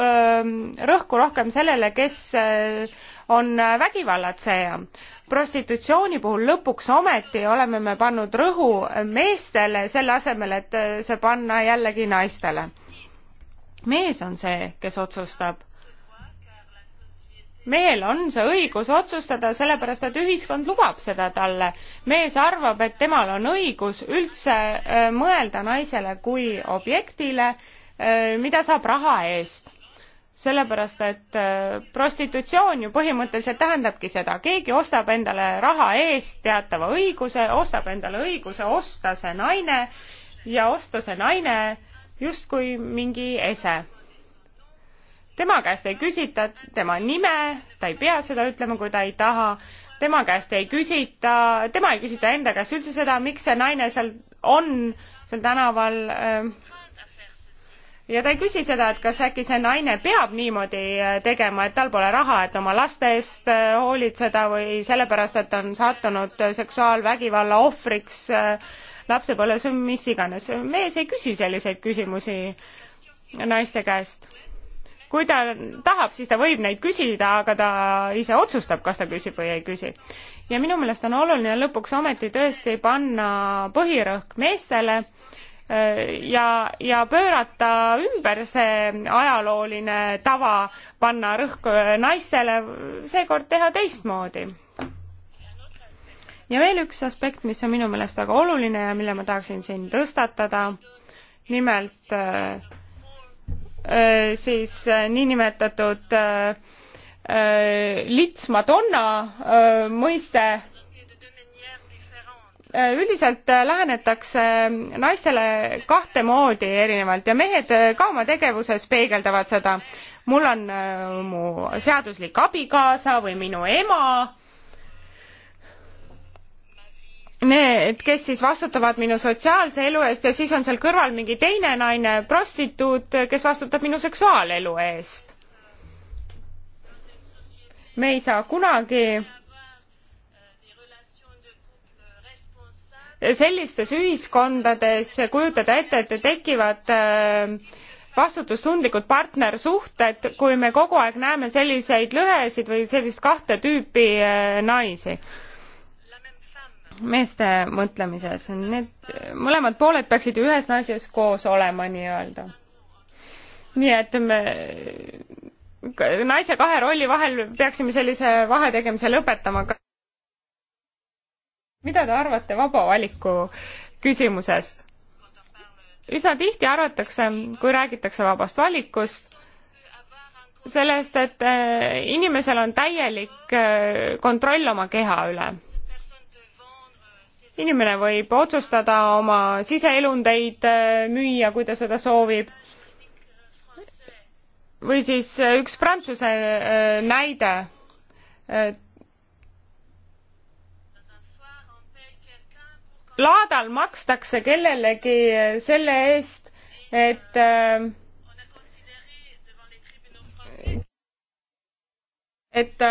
rõhku rohkem sellele, kes on vägivallatseja. prostitutsiooni puhul lõpuks ometi oleme me pannud rõhu meestele, selle asemel, et see panna jällegi naistele. mees on see, kes otsustab mehel on see õigus otsustada sellepärast et ühiskond lubab seda talle mees arvab et temal on õigus üldse äh, mõelda naisele kui objektile äh, mida saab raha eest sellepärast et äh, prostitutsioon ju põhimõtteliselt tähendabki seda keegi ostab endale raha eest teatava õiguse ostab endale õiguse osta see naine ja osta see naine justkui mingi ese tema käest ei küsita tema nime, ta ei pea seda ütlema, kui ta ei taha, tema käest ei küsita, tema ei küsita enda käest üldse seda, miks see naine seal on, seal tänaval. Äh. ja ta ei küsi seda, et kas äkki see naine peab niimoodi äh, tegema, et tal pole raha, et oma laste eest äh, hoolitseda või sellepärast, et on sattunud seksuaalvägivalla ohvriks lapsepõlves või mis iganes. mees ei küsi selliseid küsimusi naiste käest kui ta tahab, siis ta võib neid küsida, aga ta ise otsustab, kas ta küsib või ei küsi. ja minu meelest on oluline lõpuks ometi tõesti panna põhirõhk meestele eh, ja, ja pöörata ümber see ajalooline tava, panna rõhk eh, naistele, seekord teha teistmoodi ja veel üks aspekt, mis on minu meelest väga oluline ja mille ma tahaksin siin tõstatada, nimelt äh, Äh, siis äh, niinimetatud äh, lits madonna mõiste üldiselt lähenetakse naistele kahte moodi erinevalt ja mehed ka oma tegevuses peegeldavad seda mul on mu seaduslik abikaasa või minu ema need, kes siis vastutavad minu sotsiaalse elu eest ja siis on seal kõrval mingi teine naine, prostituut, kes vastutab minu seksuaalelu eest. me ei saa kunagi sellistes ühiskondades kujutada ette, et tekivad äh, vastutustundlikud partnersuhted, kui me kogu aeg näeme selliseid lõhesid või sellist kahte tüüpi äh, naisi meeste mõtlemises. Need mõlemad pooled peaksid ju ühes naises koos olema nii-öelda. nii et me naise kahe rolli vahel peaksime sellise vahetegemise lõpetama. mida te arvate vaba valiku küsimusest? üsna tihti arvatakse, kui räägitakse vabast valikust, sellest, et eh, inimesel on täielik eh, kontroll oma keha üle inimene võib otsustada oma siseelundeid äh, müüa, kui ta seda soovib. või siis äh, üks Prantsuse äh, näide. laadal makstakse kellelegi selle eest, et et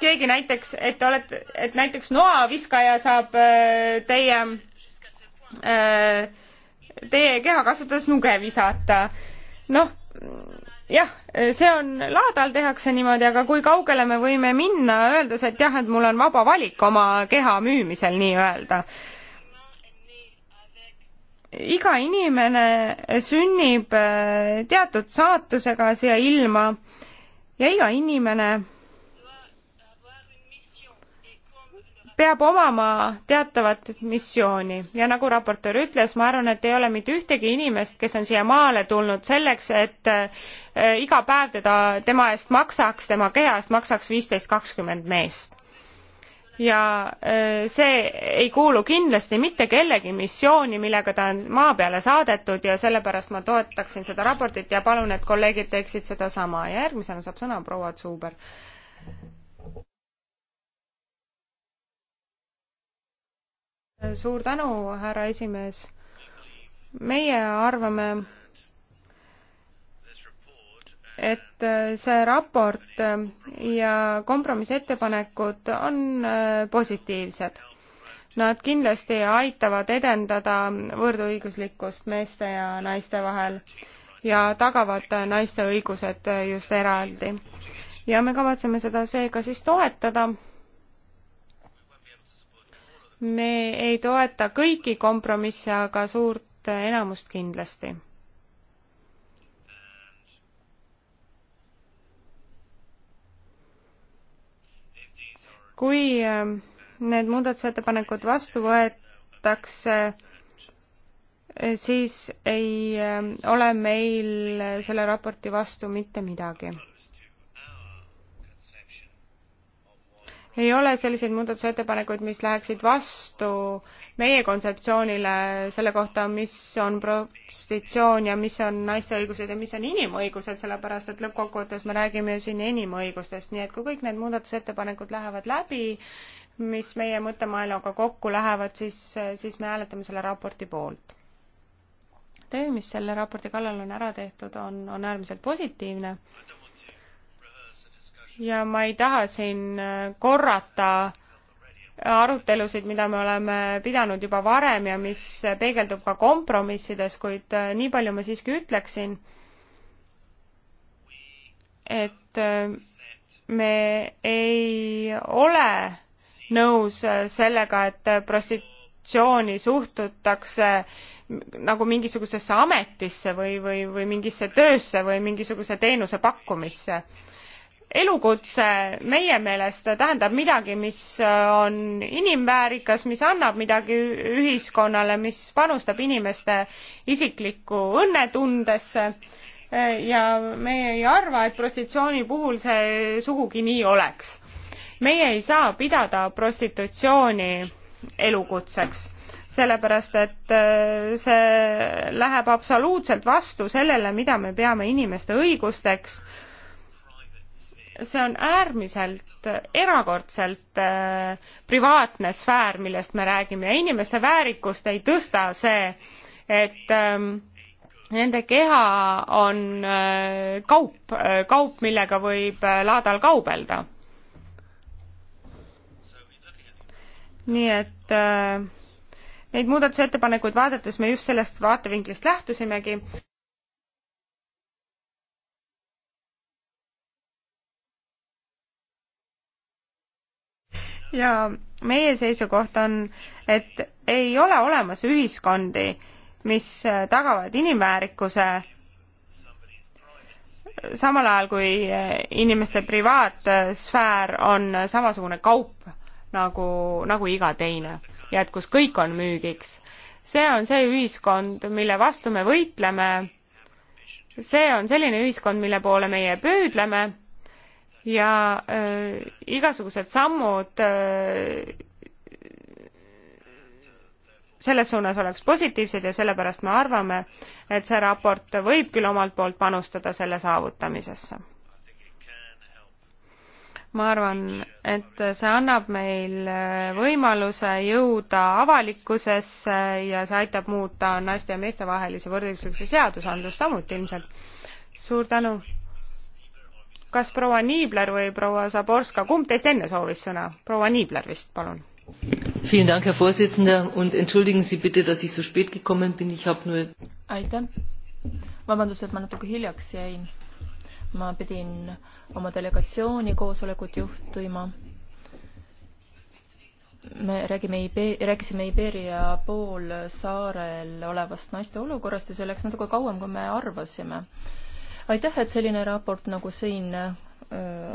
keegi näiteks, et te olete, et näiteks noaviskaja saab äh, teie, äh, teie keha kasutades nuge visata. noh, jah, see on, laadal tehakse niimoodi, aga kui kaugele me võime minna, öeldes, et jah, et mul on vaba valik oma keha müümisel nii-öelda iga inimene sünnib äh, teatud saatusega siia ilma ja iga inimene peab omama teatavat missiooni ja nagu raportöör ütles ma arvan et ei ole mitte ühtegi inimest kes on siia maale tulnud selleks et eh, iga päev teda tema eest maksaks tema keha eest maksaks viisteist kakskümmend meest ja eh, see ei kuulu kindlasti mitte kellegi missiooni millega ta on maa peale saadetud ja sellepärast ma toetaksin seda raportit ja palun et kolleegid teeksid sedasama ja järgmisena saab sõna proua zuber suur tänu, härra esimees. meie arvame, et äh, see raport äh, ja kompromissettepanekud on äh, positiivsed. Nad kindlasti aitavad edendada võrdõiguslikkust meeste ja naiste vahel ja tagavad naiste õigused just eraldi. ja me kavatseme seda seega siis toetada me ei toeta kõiki kompromisse, aga suurt enamust kindlasti. kui ähm, need muudatusettepanekud vastu võetakse, äh, siis ei ähm, ole meil selle raporti vastu mitte midagi ei ole selliseid muudatusettepanekuid, mis läheksid vastu meie kontseptsioonile selle kohta, mis on prostitutsioon ja mis on naiste õigused ja mis on inimõigused, sellepärast et lõppkokkuvõttes me räägime ju siin inimõigustest, nii et kui kõik need muudatusettepanekud lähevad läbi, mis meie mõttemaailmaga kokku lähevad, siis, siis me hääletame selle raporti poolt. töö, mis selle raporti kallal on ära tehtud, on, on äärmiselt positiivne ja ma ei taha siin äh, korrata arutelusid, mida me oleme pidanud juba varem ja mis peegeldub ka kompromissides, kuid äh, nii palju ma siiski ütleksin, et äh, me ei ole nõus sellega, et prostitutsiooni suhtutakse nagu mingisugusesse ametisse või, või, või mingisse töösse või mingisuguse teenuse pakkumisse elukutse meie meelest tähendab midagi, mis on inimväärikas, mis annab midagi ühiskonnale, mis panustab inimeste isiklikku õnnetundesse ja me ei arva, et prostitutsiooni puhul see sugugi nii oleks. meie ei saa pidada prostitutsiooni elukutseks, sellepärast et äh, see läheb absoluutselt vastu sellele, mida me peame inimeste õigusteks see on äärmiselt erakordselt äh, privaatne sfäär millest me räägime ja inimeste väärikust ei tõsta see et ähm, nende keha on äh, kaup äh, kaup millega võib äh, laadal kaubelda nii et äh, neid muudatusettepanekuid vaadates me just sellest vaatevinklist lähtusimegi ja meie seisukoht on, et ei ole olemas ühiskondi, mis tagavad inimväärikuse samal ajal kui inimeste privaatsfäär on samasugune kaup nagu, nagu iga teine ja et kus kõik on müügiks. see on see ühiskond, mille vastu me võitleme. see on selline ühiskond, mille poole meie püüdleme ja äh, igasugused sammud äh, selles suunas oleks positiivsed ja sellepärast me arvame, et see raport võib küll omalt poolt panustada selle saavutamisesse. ma arvan, et see annab meil äh, võimaluse jõuda avalikkusesse ja see aitab muuta naiste ja meeste vahelise võrdõiguslikkuse seadusandlust samuti ilmselt. suur tänu! kas proua Niibler või proua Zaborska, kumb teist enne soovis sõna? proua Niibler vist, palun. herr präsident und entschuldigen sie bitte dass ich so spät gekommen bin ich habe nur aitäh vabandust et ma natuke hiljaks jäin ma pidin oma delegatsiooni koosolekut juhtima me räägime Ibe-, rääkisime Iberia poolsaarel olevast naiste olukorrast ja see läks natuke kauem, kui me arvasime aitäh, et selline raport nagu siin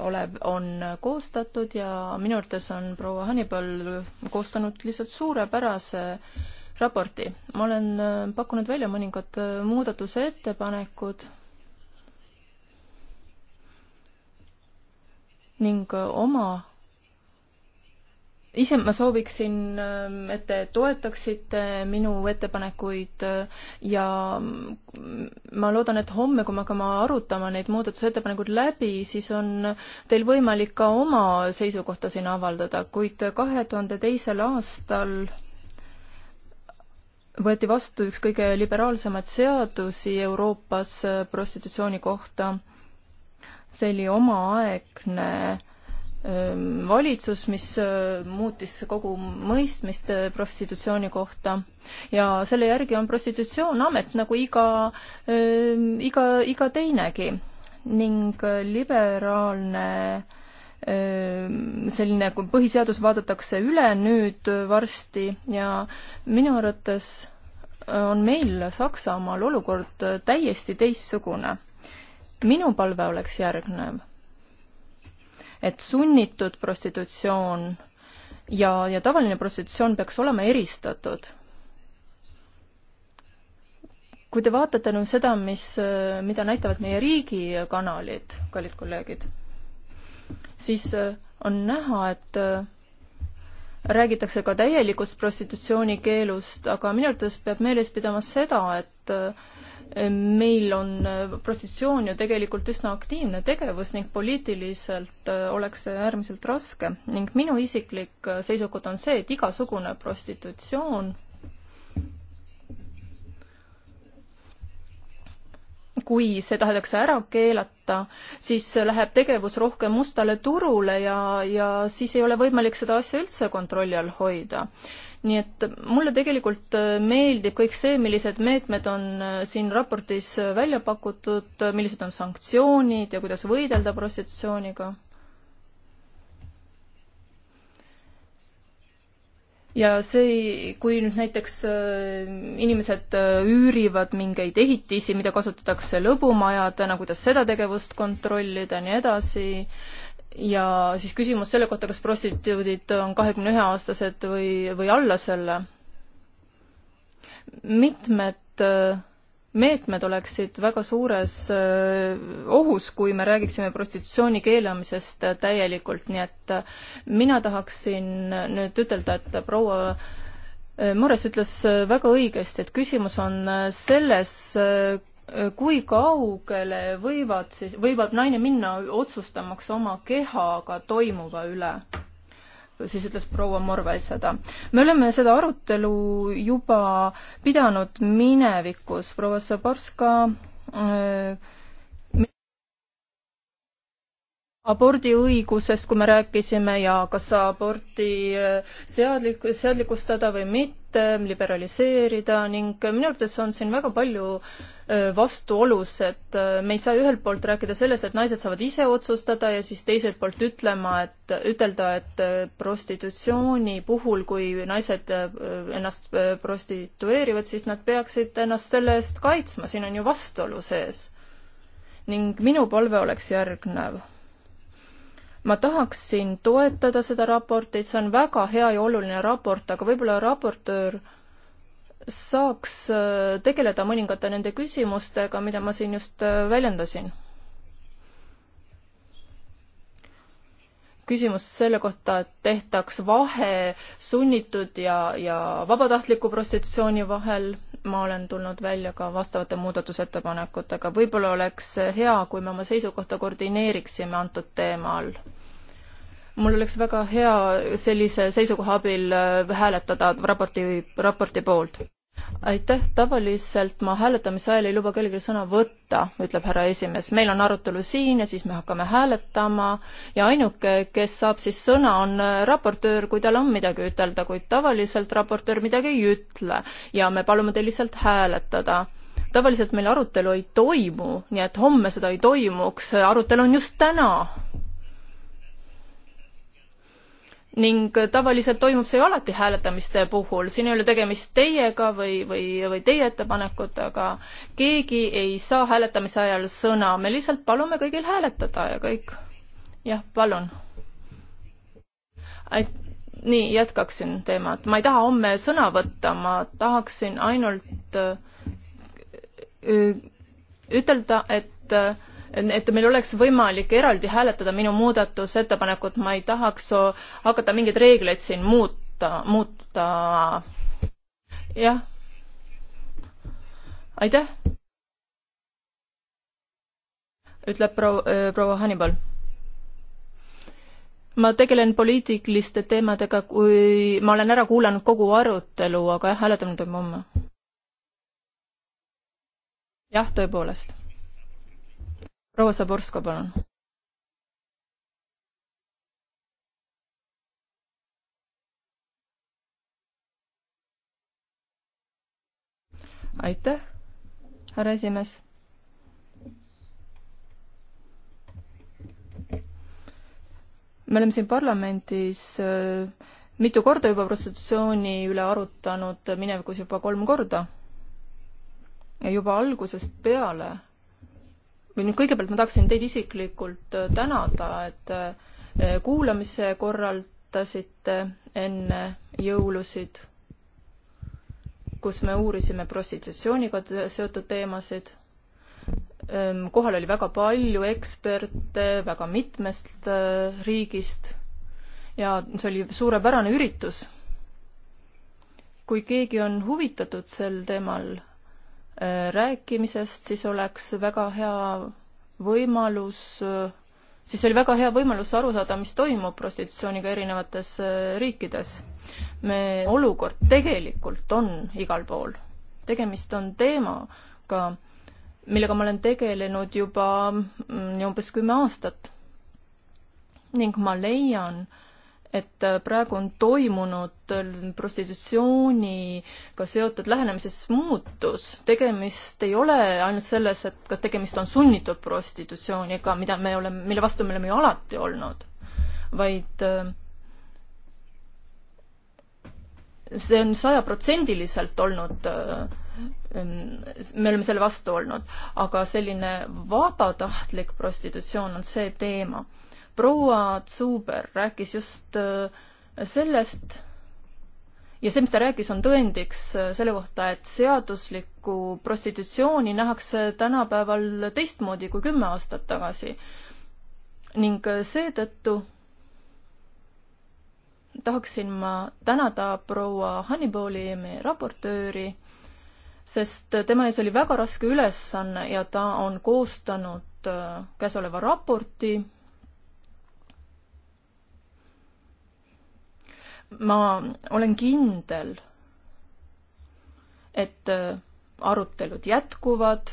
olev on koostatud ja minu arvates on proua Hannibal koostanud lihtsalt suurepärase raporti. ma olen pakkunud välja mõningad muudatuse ettepanekud ning oma ise ma sooviksin, ähm, et te toetaksite minu ettepanekuid äh, ja mm, ma loodan, et homme, kui me hakkame arutama neid muudatusettepanekuid läbi, siis on teil võimalik ka oma seisukohta siin avaldada, kuid kahe tuhande teisel aastal võeti vastu üks kõige liberaalsemaid seadusi Euroopas äh, prostitutsiooni kohta. see oli omaaegne Ehm, valitsus, mis äh, muutis kogu mõistmist äh, prostitutsiooni kohta ja selle järgi on prostitutsioon amet nagu iga, ehm, iga, iga teinegi ning äh, liberaalne ehm, selline, kui põhiseadus vaadatakse üle nüüd varsti ja minu arvates on meil Saksamaal olukord täiesti teistsugune. minu palve oleks järgnev et sunnitud prostitutsioon ja, ja tavaline prostitutsioon peaks olema eristatud. kui te vaatate nüüd seda, mis, mida näitavad meie riigikanalid, kallid kolleegid, siis on näha, et räägitakse ka täielikust prostitutsiooni keelust, aga minu arvates peab meeles pidama seda, et meil on äh, prostitutsioon ju tegelikult üsna aktiivne tegevus ning poliitiliselt äh, oleks see äärmiselt raske ning minu isiklik äh, seisukoht on see, et igasugune prostitutsioon kui see tahetakse ära keelata, siis läheb tegevus rohkem mustale turule ja, ja siis ei ole võimalik seda asja üldse kontrolli all hoida nii et mulle tegelikult äh, meeldib kõik see, millised meetmed on äh, siin raportis äh, välja pakutud, millised on sanktsioonid ja kuidas võidelda prostitutsiooniga. ja see, kui nüüd näiteks inimesed üürivad mingeid ehitisi, mida kasutatakse lõbumajadena, kuidas seda tegevust kontrollida ja nii edasi ja siis küsimus selle kohta, kas prostituudid on kahekümne ühe aastased või, või alla selle. mitmed äh, meetmed oleksid väga suures äh, ohus, kui me räägiksime prostitutsiooni keelamisest äh, täielikult, nii et mina tahaksin nüüd ütelda, et proua Mores ütles väga õigesti, et küsimus on selles, kui kaugele võivad siis, võivad naine minna otsustamaks oma kehaga toimuva üle? siis ütles proua Morvai seda. me oleme seda arutelu juba pidanud minevikus, proua Saborska äh, abordiõigusest, kui me rääkisime ja kas aborti äh, seadlik, seadlikustada või mitte, liberaliseerida ning minu arvates on siin väga palju äh, vastuolus, et äh, me ei saa ühelt poolt rääkida sellest, et naised saavad ise otsustada ja siis teiselt poolt ütlema, et, ütelda, et prostitutsiooni puhul, kui naised ennast prostitueerivad, siis nad peaksid ennast selle eest kaitsma, siin on ju vastuolu sees. ning minu palve oleks järgnev ma tahaksin toetada seda raportit, see on väga hea ja oluline raport, aga võib-olla raportöör saaks äh, tegeleda mõningate nende küsimustega, mida ma siin just äh, väljendasin küsimus selle kohta, et tehtaks vahe sunnitud ja, ja vabatahtliku prostitutsiooni vahel. ma olen tulnud välja ka vastavate muudatusettepanekutega. võib-olla oleks hea, kui me oma seisukohta koordineeriksime antud teemal. mul oleks väga hea sellise seisukoha abil hääletada raporti, raporti poolt aitäh, tavaliselt ma hääletamise ajal ei luba kellelgi sõna võtta, ütleb härra esimees. meil on arutelu siin ja siis me hakkame hääletama ja ainuke, kes saab siis sõna, on raportöör, kui tal on midagi ütelda, kuid tavaliselt raportöör midagi ei ütle ja me palume teil lihtsalt hääletada tavaliselt meil arutelu ei toimu, nii et homme seda ei toimuks, arutelu on just täna ning tavaliselt toimub see ju alati hääletamiste puhul, siin ei ole tegemist teiega või, või, või teie ettepanekutega, keegi ei saa hääletamise ajal sõna, me lihtsalt palume kõigil hääletada ja kõik. jah, palun. nii, jätkaksin teemat, ma ei taha homme sõna võtta, ma tahaksin ainult äh, ütelda, et äh, et meil oleks võimalik eraldi hääletada minu muudatusettepanekut, ma ei tahaks hakata mingeid reegleid siin muuta, muuta. jah. aitäh. ütleb proua, äh, proua Hannibal ma tegelen poliitiliste teemadega, kui ma olen ära kuulanud kogu arutelu, aga jah, hääletamine toimub homme. jah, tõepoolest proua Saborska, palun. aitäh, härra esimees. me oleme siin parlamendis äh, mitu korda juba prostitutsiooni üle arutanud, minevikus juba kolm korda. ja juba algusest peale või nüüd kõigepealt ma tahaksin teid isiklikult äh, tänada, et äh, äh, kuulamise korraldasite enne jõulusid, kus me uurisime prostitutsiooniga seotud teemasid. Ehm, kohal oli väga palju eksperte väga mitmest riigist ja see oli suurepärane üritus. kui keegi on huvitatud sel teemal Äh, rääkimisest, siis oleks väga hea võimalus, äh, siis oli väga hea võimalus aru saada, mis toimub prostitutsiooniga erinevates äh, riikides. me, olukord tegelikult on igal pool. tegemist on teemaga, millega ma olen tegelenud juba mm, umbes kümme aastat. ning ma leian, et äh, praegu on toimunud äh, prostitutsiooniga seotud lähenemises muutus. tegemist ei ole ainult selles, et kas tegemist on sunnitud prostitutsiooniga, mida me oleme, mille vastu me oleme ju alati olnud, vaid äh, see on sajaprotsendiliselt olnud, ähm, me oleme selle vastu olnud, aga selline vabatahtlik prostitutsioon on see teema proua Zuber rääkis just äh, sellest ja see, mis ta rääkis, on tõendiks äh, selle kohta, et seaduslikku prostitutsiooni nähakse tänapäeval teistmoodi kui kümme aastat tagasi. ning äh, seetõttu tahaksin ma tänada proua Hannibooli, meie raportööri, sest tema ees oli väga raske ülesanne ja ta on koostanud käesoleva raporti, ma olen kindel, et äh, arutelud jätkuvad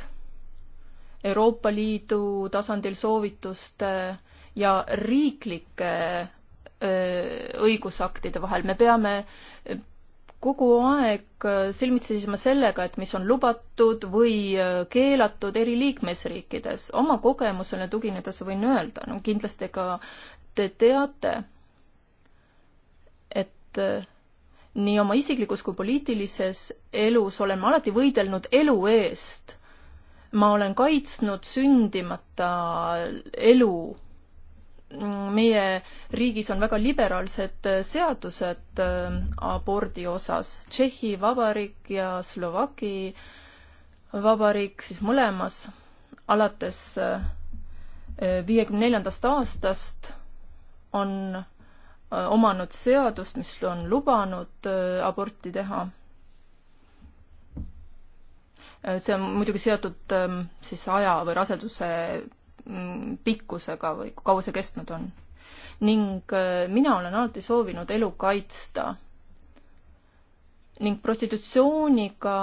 Euroopa Liidu tasandil soovituste ja riiklike äh, õigusaktide vahel. me peame äh, kogu aeg silmitsi seisma sellega, et mis on lubatud või keelatud eri liikmesriikides. oma kogemusele tuginedes võin öelda, no kindlasti ka te teate, et eh, nii oma isiklikus kui poliitilises elus olen ma alati võidelnud elu eest. ma olen kaitsnud sündimata elu. meie riigis on väga liberaalsed seadused eh, abordi osas. Tšehhi Vabariik ja Slovaki Vabariik siis mõlemas alates eh, viiekümne neljandast aastast on Äh, omanud seadust, mis on lubanud äh, aborti teha. Äh, see on muidugi seotud ähm, siis aja või raseduse mm, pikkusega või kui kaua see kestnud on. ning mina olen alati soovinud elu kaitsta ning prostitutsiooniga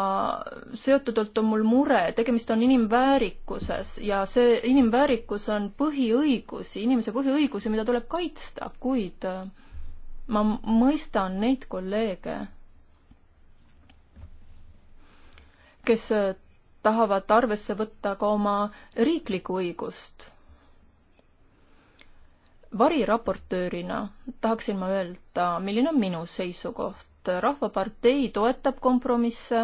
seotudelt on mul mure, tegemist on inimväärikuses ja see inimväärikus on põhiõigusi, inimese põhiõigusi, mida tuleb kaitsta, kuid äh, ma mõistan neid kolleege, kes äh, tahavad arvesse võtta ka oma riiklikku õigust. variraportöörina tahaksin ma öelda, milline on minu seisukoht et Rahvapartei toetab kompromisse.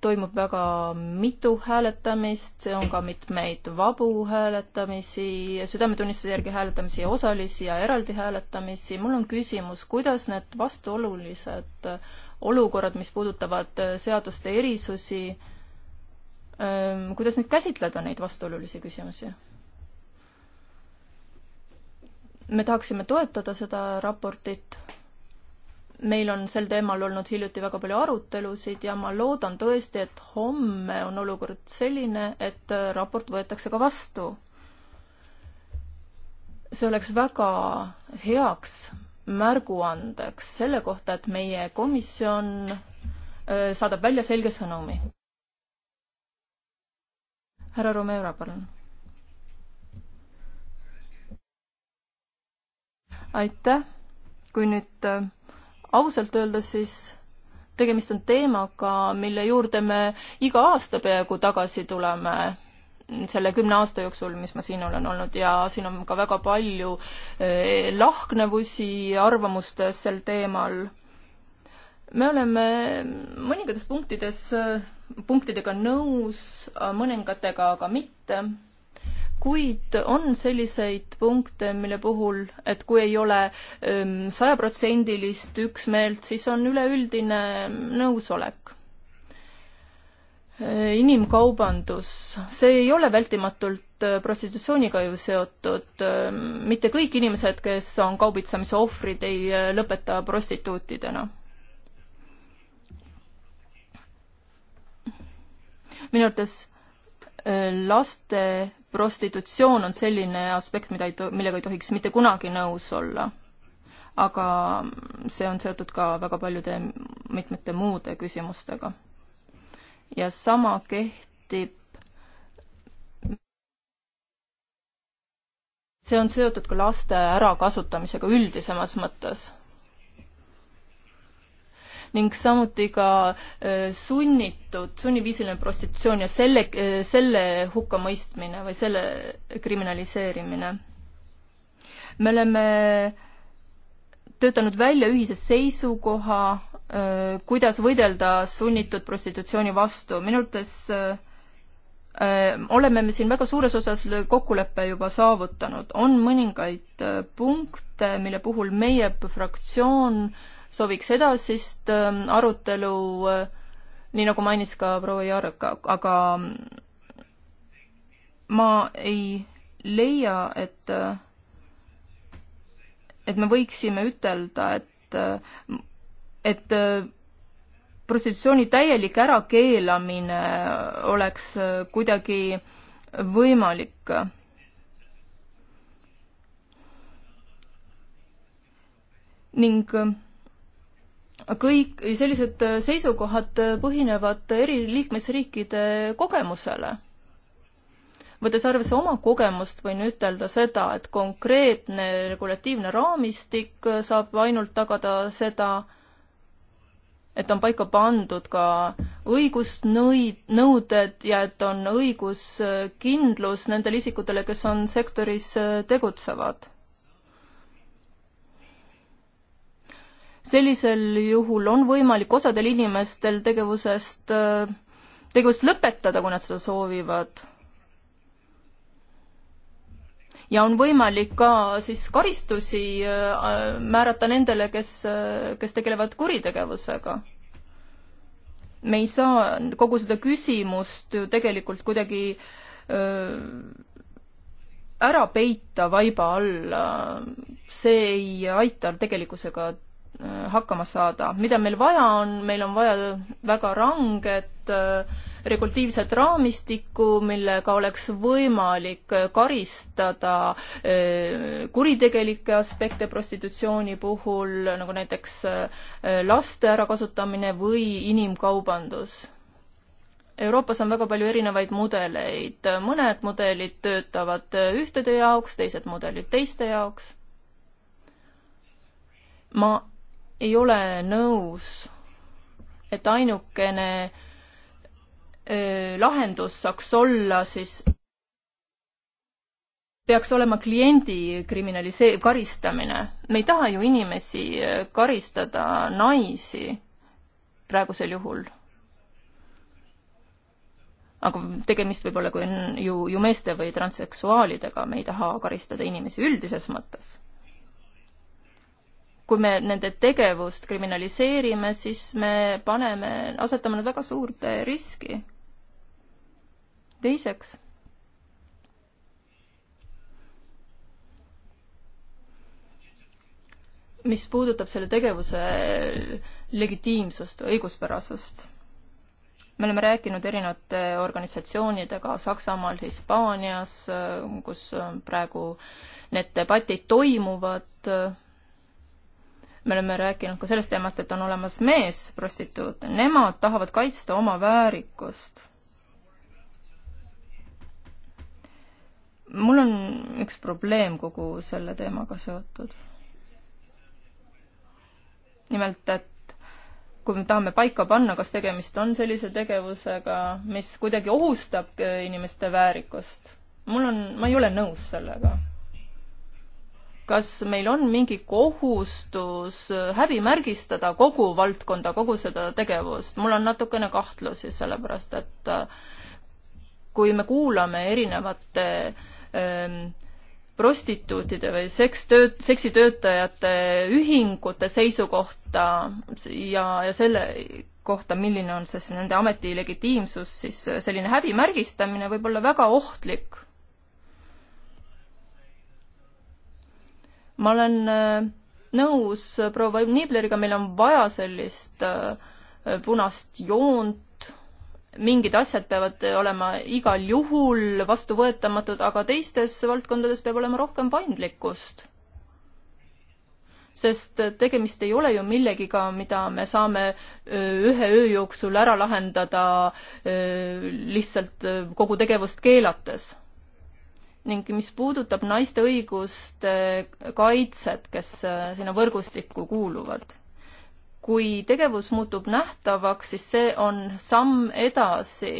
toimub väga mitu hääletamist, see on ka mitmeid vabu hääletamisi, südametunnistuse järgi hääletamisi, osalisi ja eraldi hääletamisi. mul on küsimus, kuidas need vastuolulised olukorrad, mis puudutavad seaduste erisusi, kuidas nüüd käsitleda neid vastuolulisi küsimusi? me tahaksime toetada seda raportit. meil on sel teemal olnud hiljuti väga palju arutelusid ja ma loodan tõesti, et homme on olukord selline, et raport võetakse ka vastu. see oleks väga heaks märguandeks selle kohta, et meie komisjon äh, saadab välja selge sõnumi. härra Romeo, palun aitäh. kui nüüd äh, ausalt öelda, siis tegemist on teemaga, mille juurde me iga aasta peaaegu tagasi tuleme selle kümne aasta jooksul, mis ma siin olen olnud ja siin on ka väga palju äh, lahknevusi arvamustes sel teemal. me oleme mõningates punktides, äh, punktidega nõus, mõningatega aga mitte kuid on selliseid punkte, mille puhul, et kui ei ole ähm, sajaprotsendilist üksmeelt, siis on üleüldine nõusolek. Äh, inimkaubandus, see ei ole vältimatult äh, prostitutsiooniga ju seotud, ähm, mitte kõik inimesed, kes on kaubitsemise ohvrid, ei äh, lõpeta prostituutidena minu arvates laste prostitutsioon on selline aspekt, mida ei to-, millega ei tohiks mitte kunagi nõus olla. aga see on seotud ka väga paljude mitmete muude küsimustega. ja sama kehtib see on seotud ka laste ärakasutamisega üldisemas mõttes ning samuti ka sunnitud, sunniviisiline prostitutsioon ja selle, selle hukkamõistmine või selle kriminaliseerimine. me oleme töötanud välja ühise seisukoha, kuidas võidelda sunnitud prostitutsiooni vastu. minu arvates oleme me siin väga suures osas kokkuleppe juba saavutanud. on mõningaid punkte, mille puhul meie fraktsioon äh, sooviks edasist ähm, arutelu, äh, nii nagu mainis ka proua Jarka, aga mm, ma ei leia, et, äh, et me võiksime ütelda, et, äh, et prostitutsiooni täielik ärakeelamine oleks kuidagi võimalik ning kõik sellised äh, seisukohad äh, põhinevad eri liikmesriikide kogemusele. võttes arvesse oma kogemust, võin ütelda seda, et konkreetne regulatiivne raamistik äh, saab ainult tagada seda, et on paika pandud ka õigusnõid, nõuded ja et on õiguskindlus nendel isikutele, kes on sektoris tegutsevad sellisel juhul on võimalik osadel inimestel tegevusest, tegevust lõpetada, kui nad seda soovivad. ja on võimalik ka siis karistusi äh, määrata nendele, kes, äh, kes tegelevad kuritegevusega. me ei saa kogu seda küsimust ju tegelikult kuidagi äh, ära peita vaiba alla, see ei aita tegelikkusega Äh, hakkama saada. mida meil vaja on, meil on vaja väga ranget äh, regulatiivset raamistikku, millega oleks võimalik äh, karistada kuritegelikke aspekte prostitutsiooni puhul, nagu näiteks laste ärakasutamine või inimkaubandus. Euroopas on väga palju erinevaid mudeleid, mõned mudelid töötavad ühtede jaoks, teised mudelid teiste jaoks. ma ei ole nõus, et ainukene lahendus saaks olla siis, peaks olema kliendi kriminalisee-, karistamine. me ei taha ju inimesi karistada, naisi praegusel juhul aga tegemist võib olla kui on ju, ju meeste või transseksuaalidega, me ei taha karistada inimesi üldises mõttes kui me nende tegevust kriminaliseerime, siis me paneme, asetame nad väga suurde riski. teiseks mis puudutab selle tegevuse legitiimsust või õiguspärasust. me oleme rääkinud erinevate organisatsioonidega Saksamaal, Hispaanias, kus praegu need debatid toimuvad me oleme rääkinud ka sellest teemast, et on olemas meesprostituut, nemad tahavad kaitsta oma väärikust. mul on üks probleem kogu selle teemaga seotud. nimelt, et kui me tahame paika panna, kas tegemist on sellise tegevusega, mis kuidagi ohustab inimeste väärikust, mul on, ma ei ole nõus sellega kas meil on mingi kohustus äh, häbimärgistada kogu valdkonda, kogu seda tegevust? mul on natukene kahtlusi, sellepärast et äh, kui me kuulame erinevate ähm, prostituutide või sekstööt-, seksitöötajate ühingute seisukohta ja, ja selle kohta, milline on siis nende ameti legitiimsus, siis äh, selline häbimärgistamine võib olla väga ohtlik ma olen äh, nõus äh, proua Nibleriga, meil on vaja sellist äh, punast joont, mingid asjad peavad olema igal juhul vastuvõetamatud, aga teistes valdkondades peab olema rohkem paindlikkust. sest tegemist ei ole ju millegiga, mida me saame ühe öö jooksul ära lahendada lihtsalt kogu tegevust keelates ning mis puudutab naiste õiguste eh, kaitset, kes eh, sinna võrgustikku kuuluvad. kui tegevus muutub nähtavaks, siis see on samm edasi.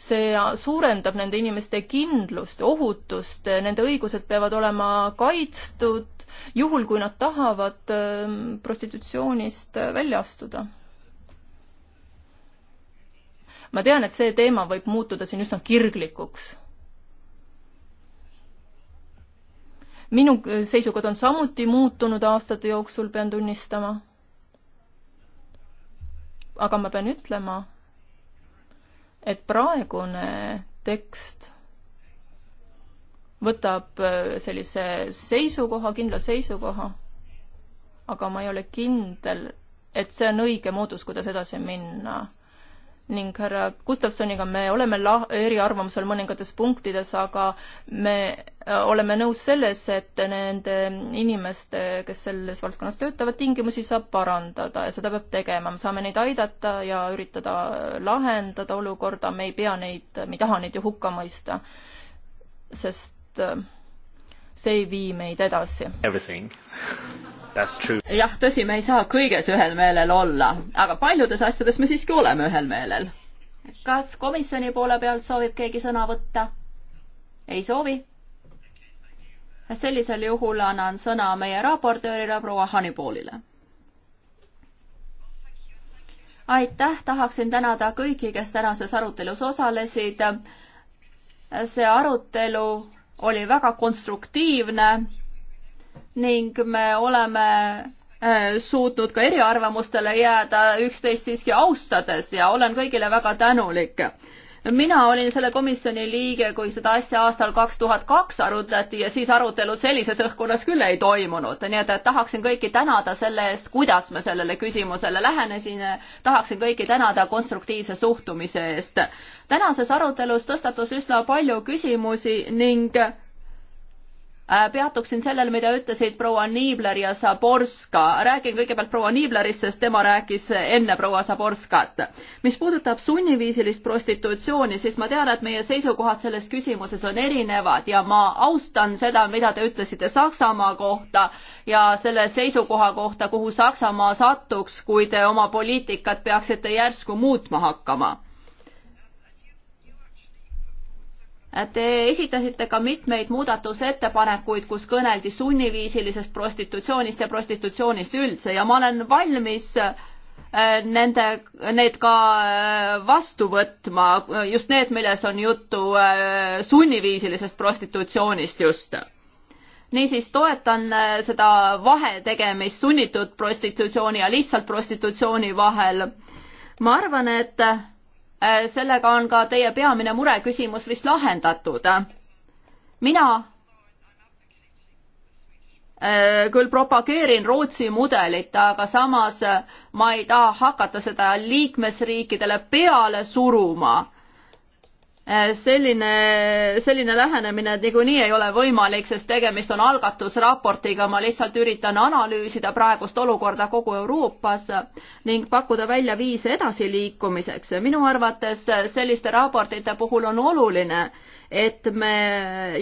see suurendab nende inimeste kindlust, ohutust, eh, nende õigused peavad olema kaitstud, juhul kui nad tahavad prostitutsioonist välja astuda ma tean, et see teema võib muutuda siin üsna kirglikuks minu seisukohad on samuti muutunud aastate jooksul, pean tunnistama. aga ma pean ütlema, et praegune tekst võtab äh, sellise seisukoha, kindla seisukoha, aga ma ei ole kindel, et see on õige moodus, kuidas edasi minna ning härra Gustavsoniga me oleme la-, eriarvamusel mõningates punktides, aga me äh, oleme nõus selles, et nende inimeste, kes selles valdkonnas töötavad, tingimusi saab parandada ja seda peab tegema, me saame neid aidata ja üritada lahendada olukorda, me ei pea neid, me ei taha neid ju hukka mõista, sest äh, see ei vii meid edasi. jah, tõsi, me ei saa kõiges ühel meelel olla, aga paljudes asjades me siiski oleme ühel meelel. kas komisjoni poole pealt soovib keegi sõna võtta? ei soovi? sellisel juhul annan sõna meie raportöörile proua Hanipoolile. aitäh, tahaksin tänada kõiki, kes tänases arutelus osalesid. see arutelu oli väga konstruktiivne ning me oleme äh, suutnud ka eriarvamustele jääda üksteist siiski austades ja olen kõigile väga tänulik mina olin selle komisjoni liige, kui seda asja aastal kaks tuhat kaks arutati ja siis arutelud sellises õhkkonnas küll ei toimunud, nii et tahaksin kõiki tänada selle eest, kuidas me sellele küsimusele lähenesime, tahaksin kõiki tänada konstruktiivse suhtumise eest. tänases arutelus tõstatus üsna palju küsimusi ning Äh, peatuksin sellel, mida ütlesid proua Niibler ja Saborska. räägin kõigepealt proua Niiblerist, sest tema rääkis enne proua Saborskat. mis puudutab sunniviisilist prostitutsiooni, siis ma tean, et meie seisukohad selles küsimuses on erinevad ja ma austan seda, mida te ütlesite Saksamaa kohta ja selle seisukoha kohta, kuhu Saksamaa satuks, kui te oma poliitikat peaksite järsku muutma hakkama Te esitasite ka mitmeid muudatusettepanekuid, kus kõneldi sunniviisilisest prostitutsioonist ja prostitutsioonist üldse ja ma olen valmis äh, nende, need ka äh, vastu võtma, just need, milles on juttu äh, sunniviisilisest prostitutsioonist just. niisiis toetan seda vahetegemist sunnitud prostitutsiooni ja lihtsalt prostitutsiooni vahel. ma arvan, et Äh, sellega on ka teie peamine mureküsimus vist lahendatud. mina äh, küll propageerin Rootsi mudelit, aga samas ma ei taha hakata seda liikmesriikidele peale suruma Eh, selline, selline lähenemine niikuinii ei ole võimalik, sest tegemist on algatusraportiga, ma lihtsalt üritan analüüsida praegust olukorda kogu Euroopas ning pakkuda välja viise edasiliikumiseks. minu arvates selliste raportite puhul on oluline, et me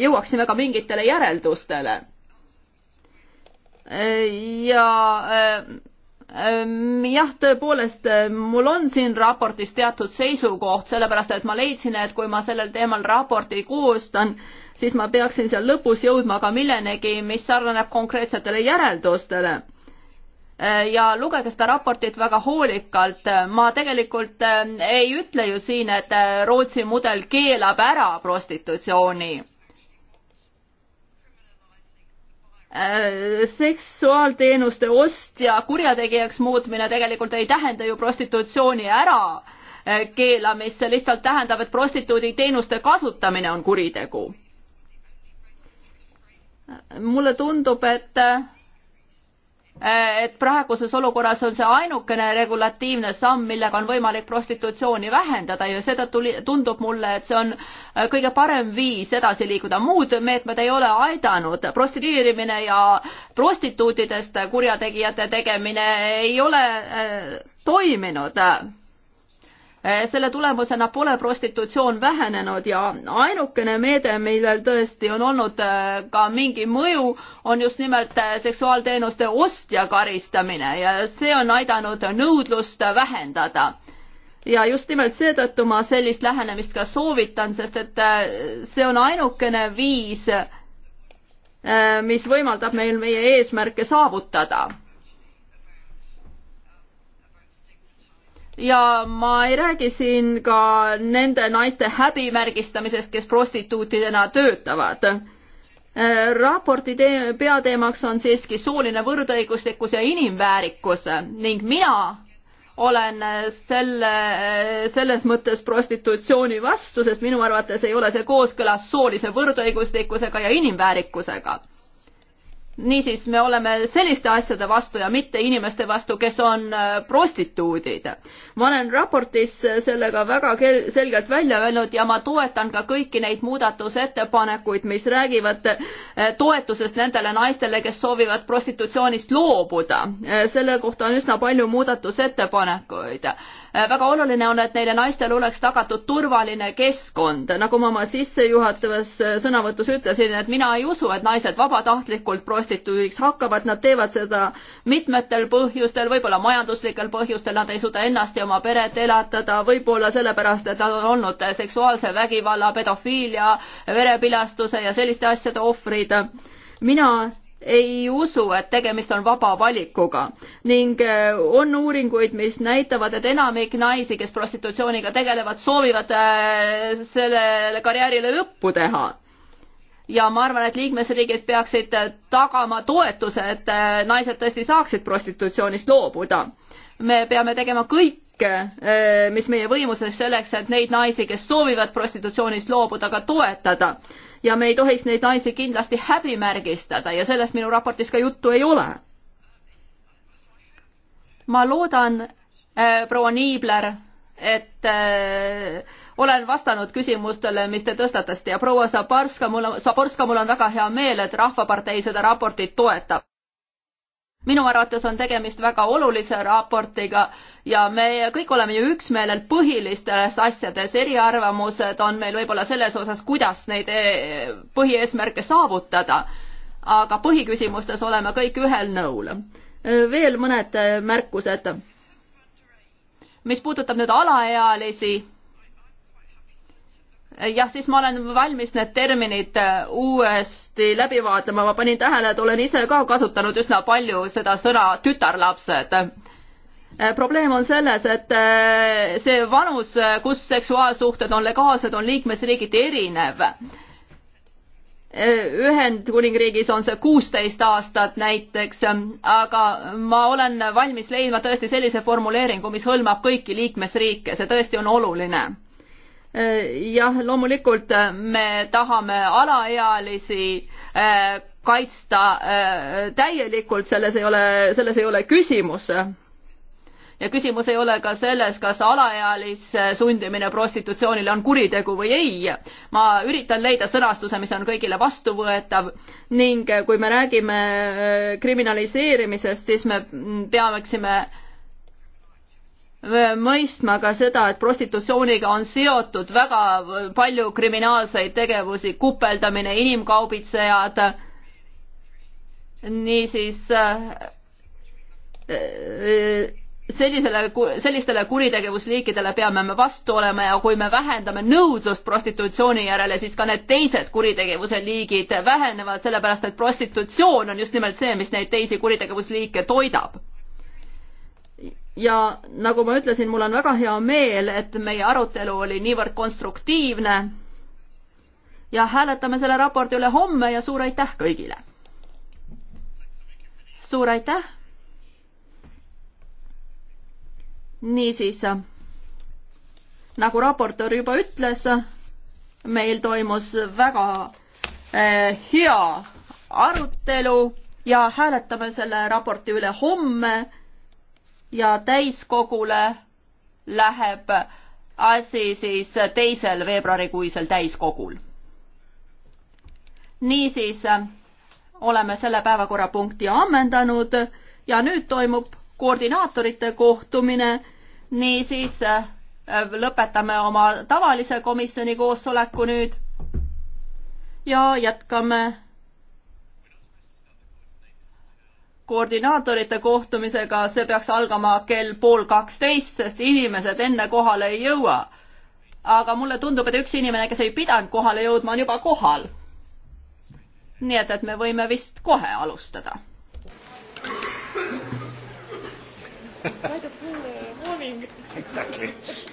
jõuaksime ka mingitele järeldustele. Eh, ja eh, Ehm, jah, tõepoolest, ehm, mul on siin raportis teatud seisukoht, sellepärast et ma leidsin, et kui ma sellel teemal raporti koostan, siis ma peaksin seal lõpus jõudma ka millenegi, mis sarnaneb konkreetsetele järeldustele. Ehm, ja lugege seda raportit väga hoolikalt, ma tegelikult ei ütle ju siin, et Rootsi mudel keelab ära prostitutsiooni Äh, seksuaalteenuste ostja kurjategijaks muutmine tegelikult ei tähenda ju prostitutsiooni ära äh, keelamist, see lihtsalt tähendab, et prostituudi teenuste kasutamine on kuritegu. Äh, mulle tundub, et Äh, et praeguses olukorras on see ainukene regulatiivne samm, millega on võimalik prostitutsiooni vähendada ja seetõttu tundub mulle, et see on äh, kõige parem viis edasi liikuda. muud meetmed ei ole aidanud. prostitueerimine ja prostituutidest kurjategijate tegemine ei ole äh, toiminud Eh, selle tulemusena pole prostitutsioon vähenenud ja ainukene meede, millel tõesti on olnud eh, ka mingi mõju, on just nimelt eh, seksuaalteenuste ostja karistamine ja see on aidanud nõudlust vähendada ja just nimelt seetõttu ma sellist lähenemist ka soovitan, sest et see on ainukene viis, mis võimaldab meil meie eesmärke saavutada ja ma ei räägi siin ka nende naiste häbimärgistamisest, kes prostituutidena töötavad. Äh, raporti peateemaks on siiski sooline võrdõiguslikkus ja inimväärikus ning mina olen selle, selles mõttes prostitutsiooni vastu, sest minu arvates ei ole see kooskõlas soolise võrdõiguslikkusega ja inimväärikusega niisiis, me oleme selliste asjade vastu ja mitte inimeste vastu, kes on äh, prostituudid. ma olen raportis äh, sellega väga selgelt välja öelnud ja ma toetan ka kõiki neid muudatusettepanekuid, mis räägivad äh, toetusest nendele naistele, kes soovivad prostitutsioonist loobuda. selle kohta on üsna palju muudatusettepanekuid Äh, väga oluline on, et neile naistele oleks tagatud turvaline keskkond, nagu ma oma sissejuhatavas äh, sõnavõtus ütlesin, et mina ei usu, et naised vabatahtlikult prostituudiks hakkavad, nad teevad seda mitmetel põhjustel, võib-olla majanduslikel põhjustel, nad ei suuda ennast ja oma peret elatada, võib-olla sellepärast, et nad on olnud seksuaalse vägivalla, pedofiilia, verepilastuse ja selliste asjade ohvrid. mina ei usu, et tegemist on vaba valikuga ning äh, on uuringuid, mis näitavad, et enamik naisi, kes prostitutsiooniga tegelevad, soovivad äh, sellele karjäärile lõppu teha. ja ma arvan, et liikmesriigid peaksid äh, tagama toetuse, et naised tõesti saaksid prostitutsioonist loobuda. me peame tegema kõik, mis meie võimuses selleks, et neid naisi, kes soovivad prostitutsioonist loobuda, ka toetada ja me ei tohiks neid naisi kindlasti häbimärgistada ja sellest minu raportis ka juttu ei ole. ma loodan äh,, proua Niibler, et äh, olen vastanud küsimustele, mis te tõstatasite ja proua Saborska, mul on, Saborska, mul on väga hea meel, et Rahvapartei seda raportit toetab minu arvates on tegemist väga olulise raportiga ja me kõik oleme ju üksmeelel põhilistes asjades, eriarvamused on meil võib-olla selles osas, kuidas neid eh, põhieesmärke saavutada, aga põhiküsimustes oleme kõik ühel nõul. veel mõned eh, märkused. mis puudutab nüüd alaealisi jah, siis ma olen valmis need terminid äh, uuesti läbi vaatama, ma panin tähele, et olen ise ka kasutanud üsna palju seda sõna tütarlapsed. Äh, probleem on selles, et äh, see vanus, kus seksuaalsuhted on legaalsed, on liikmesriigiti erinev. Ühendkuningriigis on see kuusteist aastat näiteks, aga ma olen valmis leidma tõesti sellise formuleeringu, mis hõlmab kõiki liikmesriike, see tõesti on oluline Äh, jah, loomulikult äh, me tahame alaealisi äh, kaitsta täielikult, selles ei ole, selles ei ole küsimus. ja küsimus ei ole ka selles, kas alaealise sundimine prostitutsioonile on kuritegu või ei. ma üritan leida sõnastuse, mis on kõigile vastuvõetav ning kui me räägime kriminaliseerimisest, siis me peaksime mõistma ka seda, et prostitutsiooniga on seotud väga palju kriminaalseid tegevusi, kupeldamine, inimkaubitsejad, niisiis sellisele, sellistele kuritegevusliikidele peame me vastu olema ja kui me vähendame nõudlust prostitutsiooni järele, siis ka need teised kuritegevuse liigid vähenevad, sellepärast et prostitutsioon on just nimelt see, mis neid teisi kuritegevusliike toidab ja nagu ma ütlesin, mul on väga hea meel, et meie arutelu oli niivõrd konstruktiivne. ja hääletame selle raporti üle homme ja suur aitäh kõigile. suur aitäh. niisiis, nagu raportöör juba ütles, meil toimus väga eh, hea arutelu ja hääletame selle raporti üle homme ja täiskogule läheb asi siis teisel veebruarikuisel täiskogul. niisiis oleme selle päevakorrapunkti ammendanud ja nüüd toimub koordinaatorite kohtumine, niisiis lõpetame oma tavalise komisjoni koosoleku nüüd ja jätkame koordinaatorite kohtumisega, see peaks algama kell pool kaksteist, sest inimesed enne kohale ei jõua. aga mulle tundub, et üks inimene, kes ei pidanud kohale jõudma, on juba kohal. nii et, et me võime vist kohe alustada. Right of morning. Uh, exactly.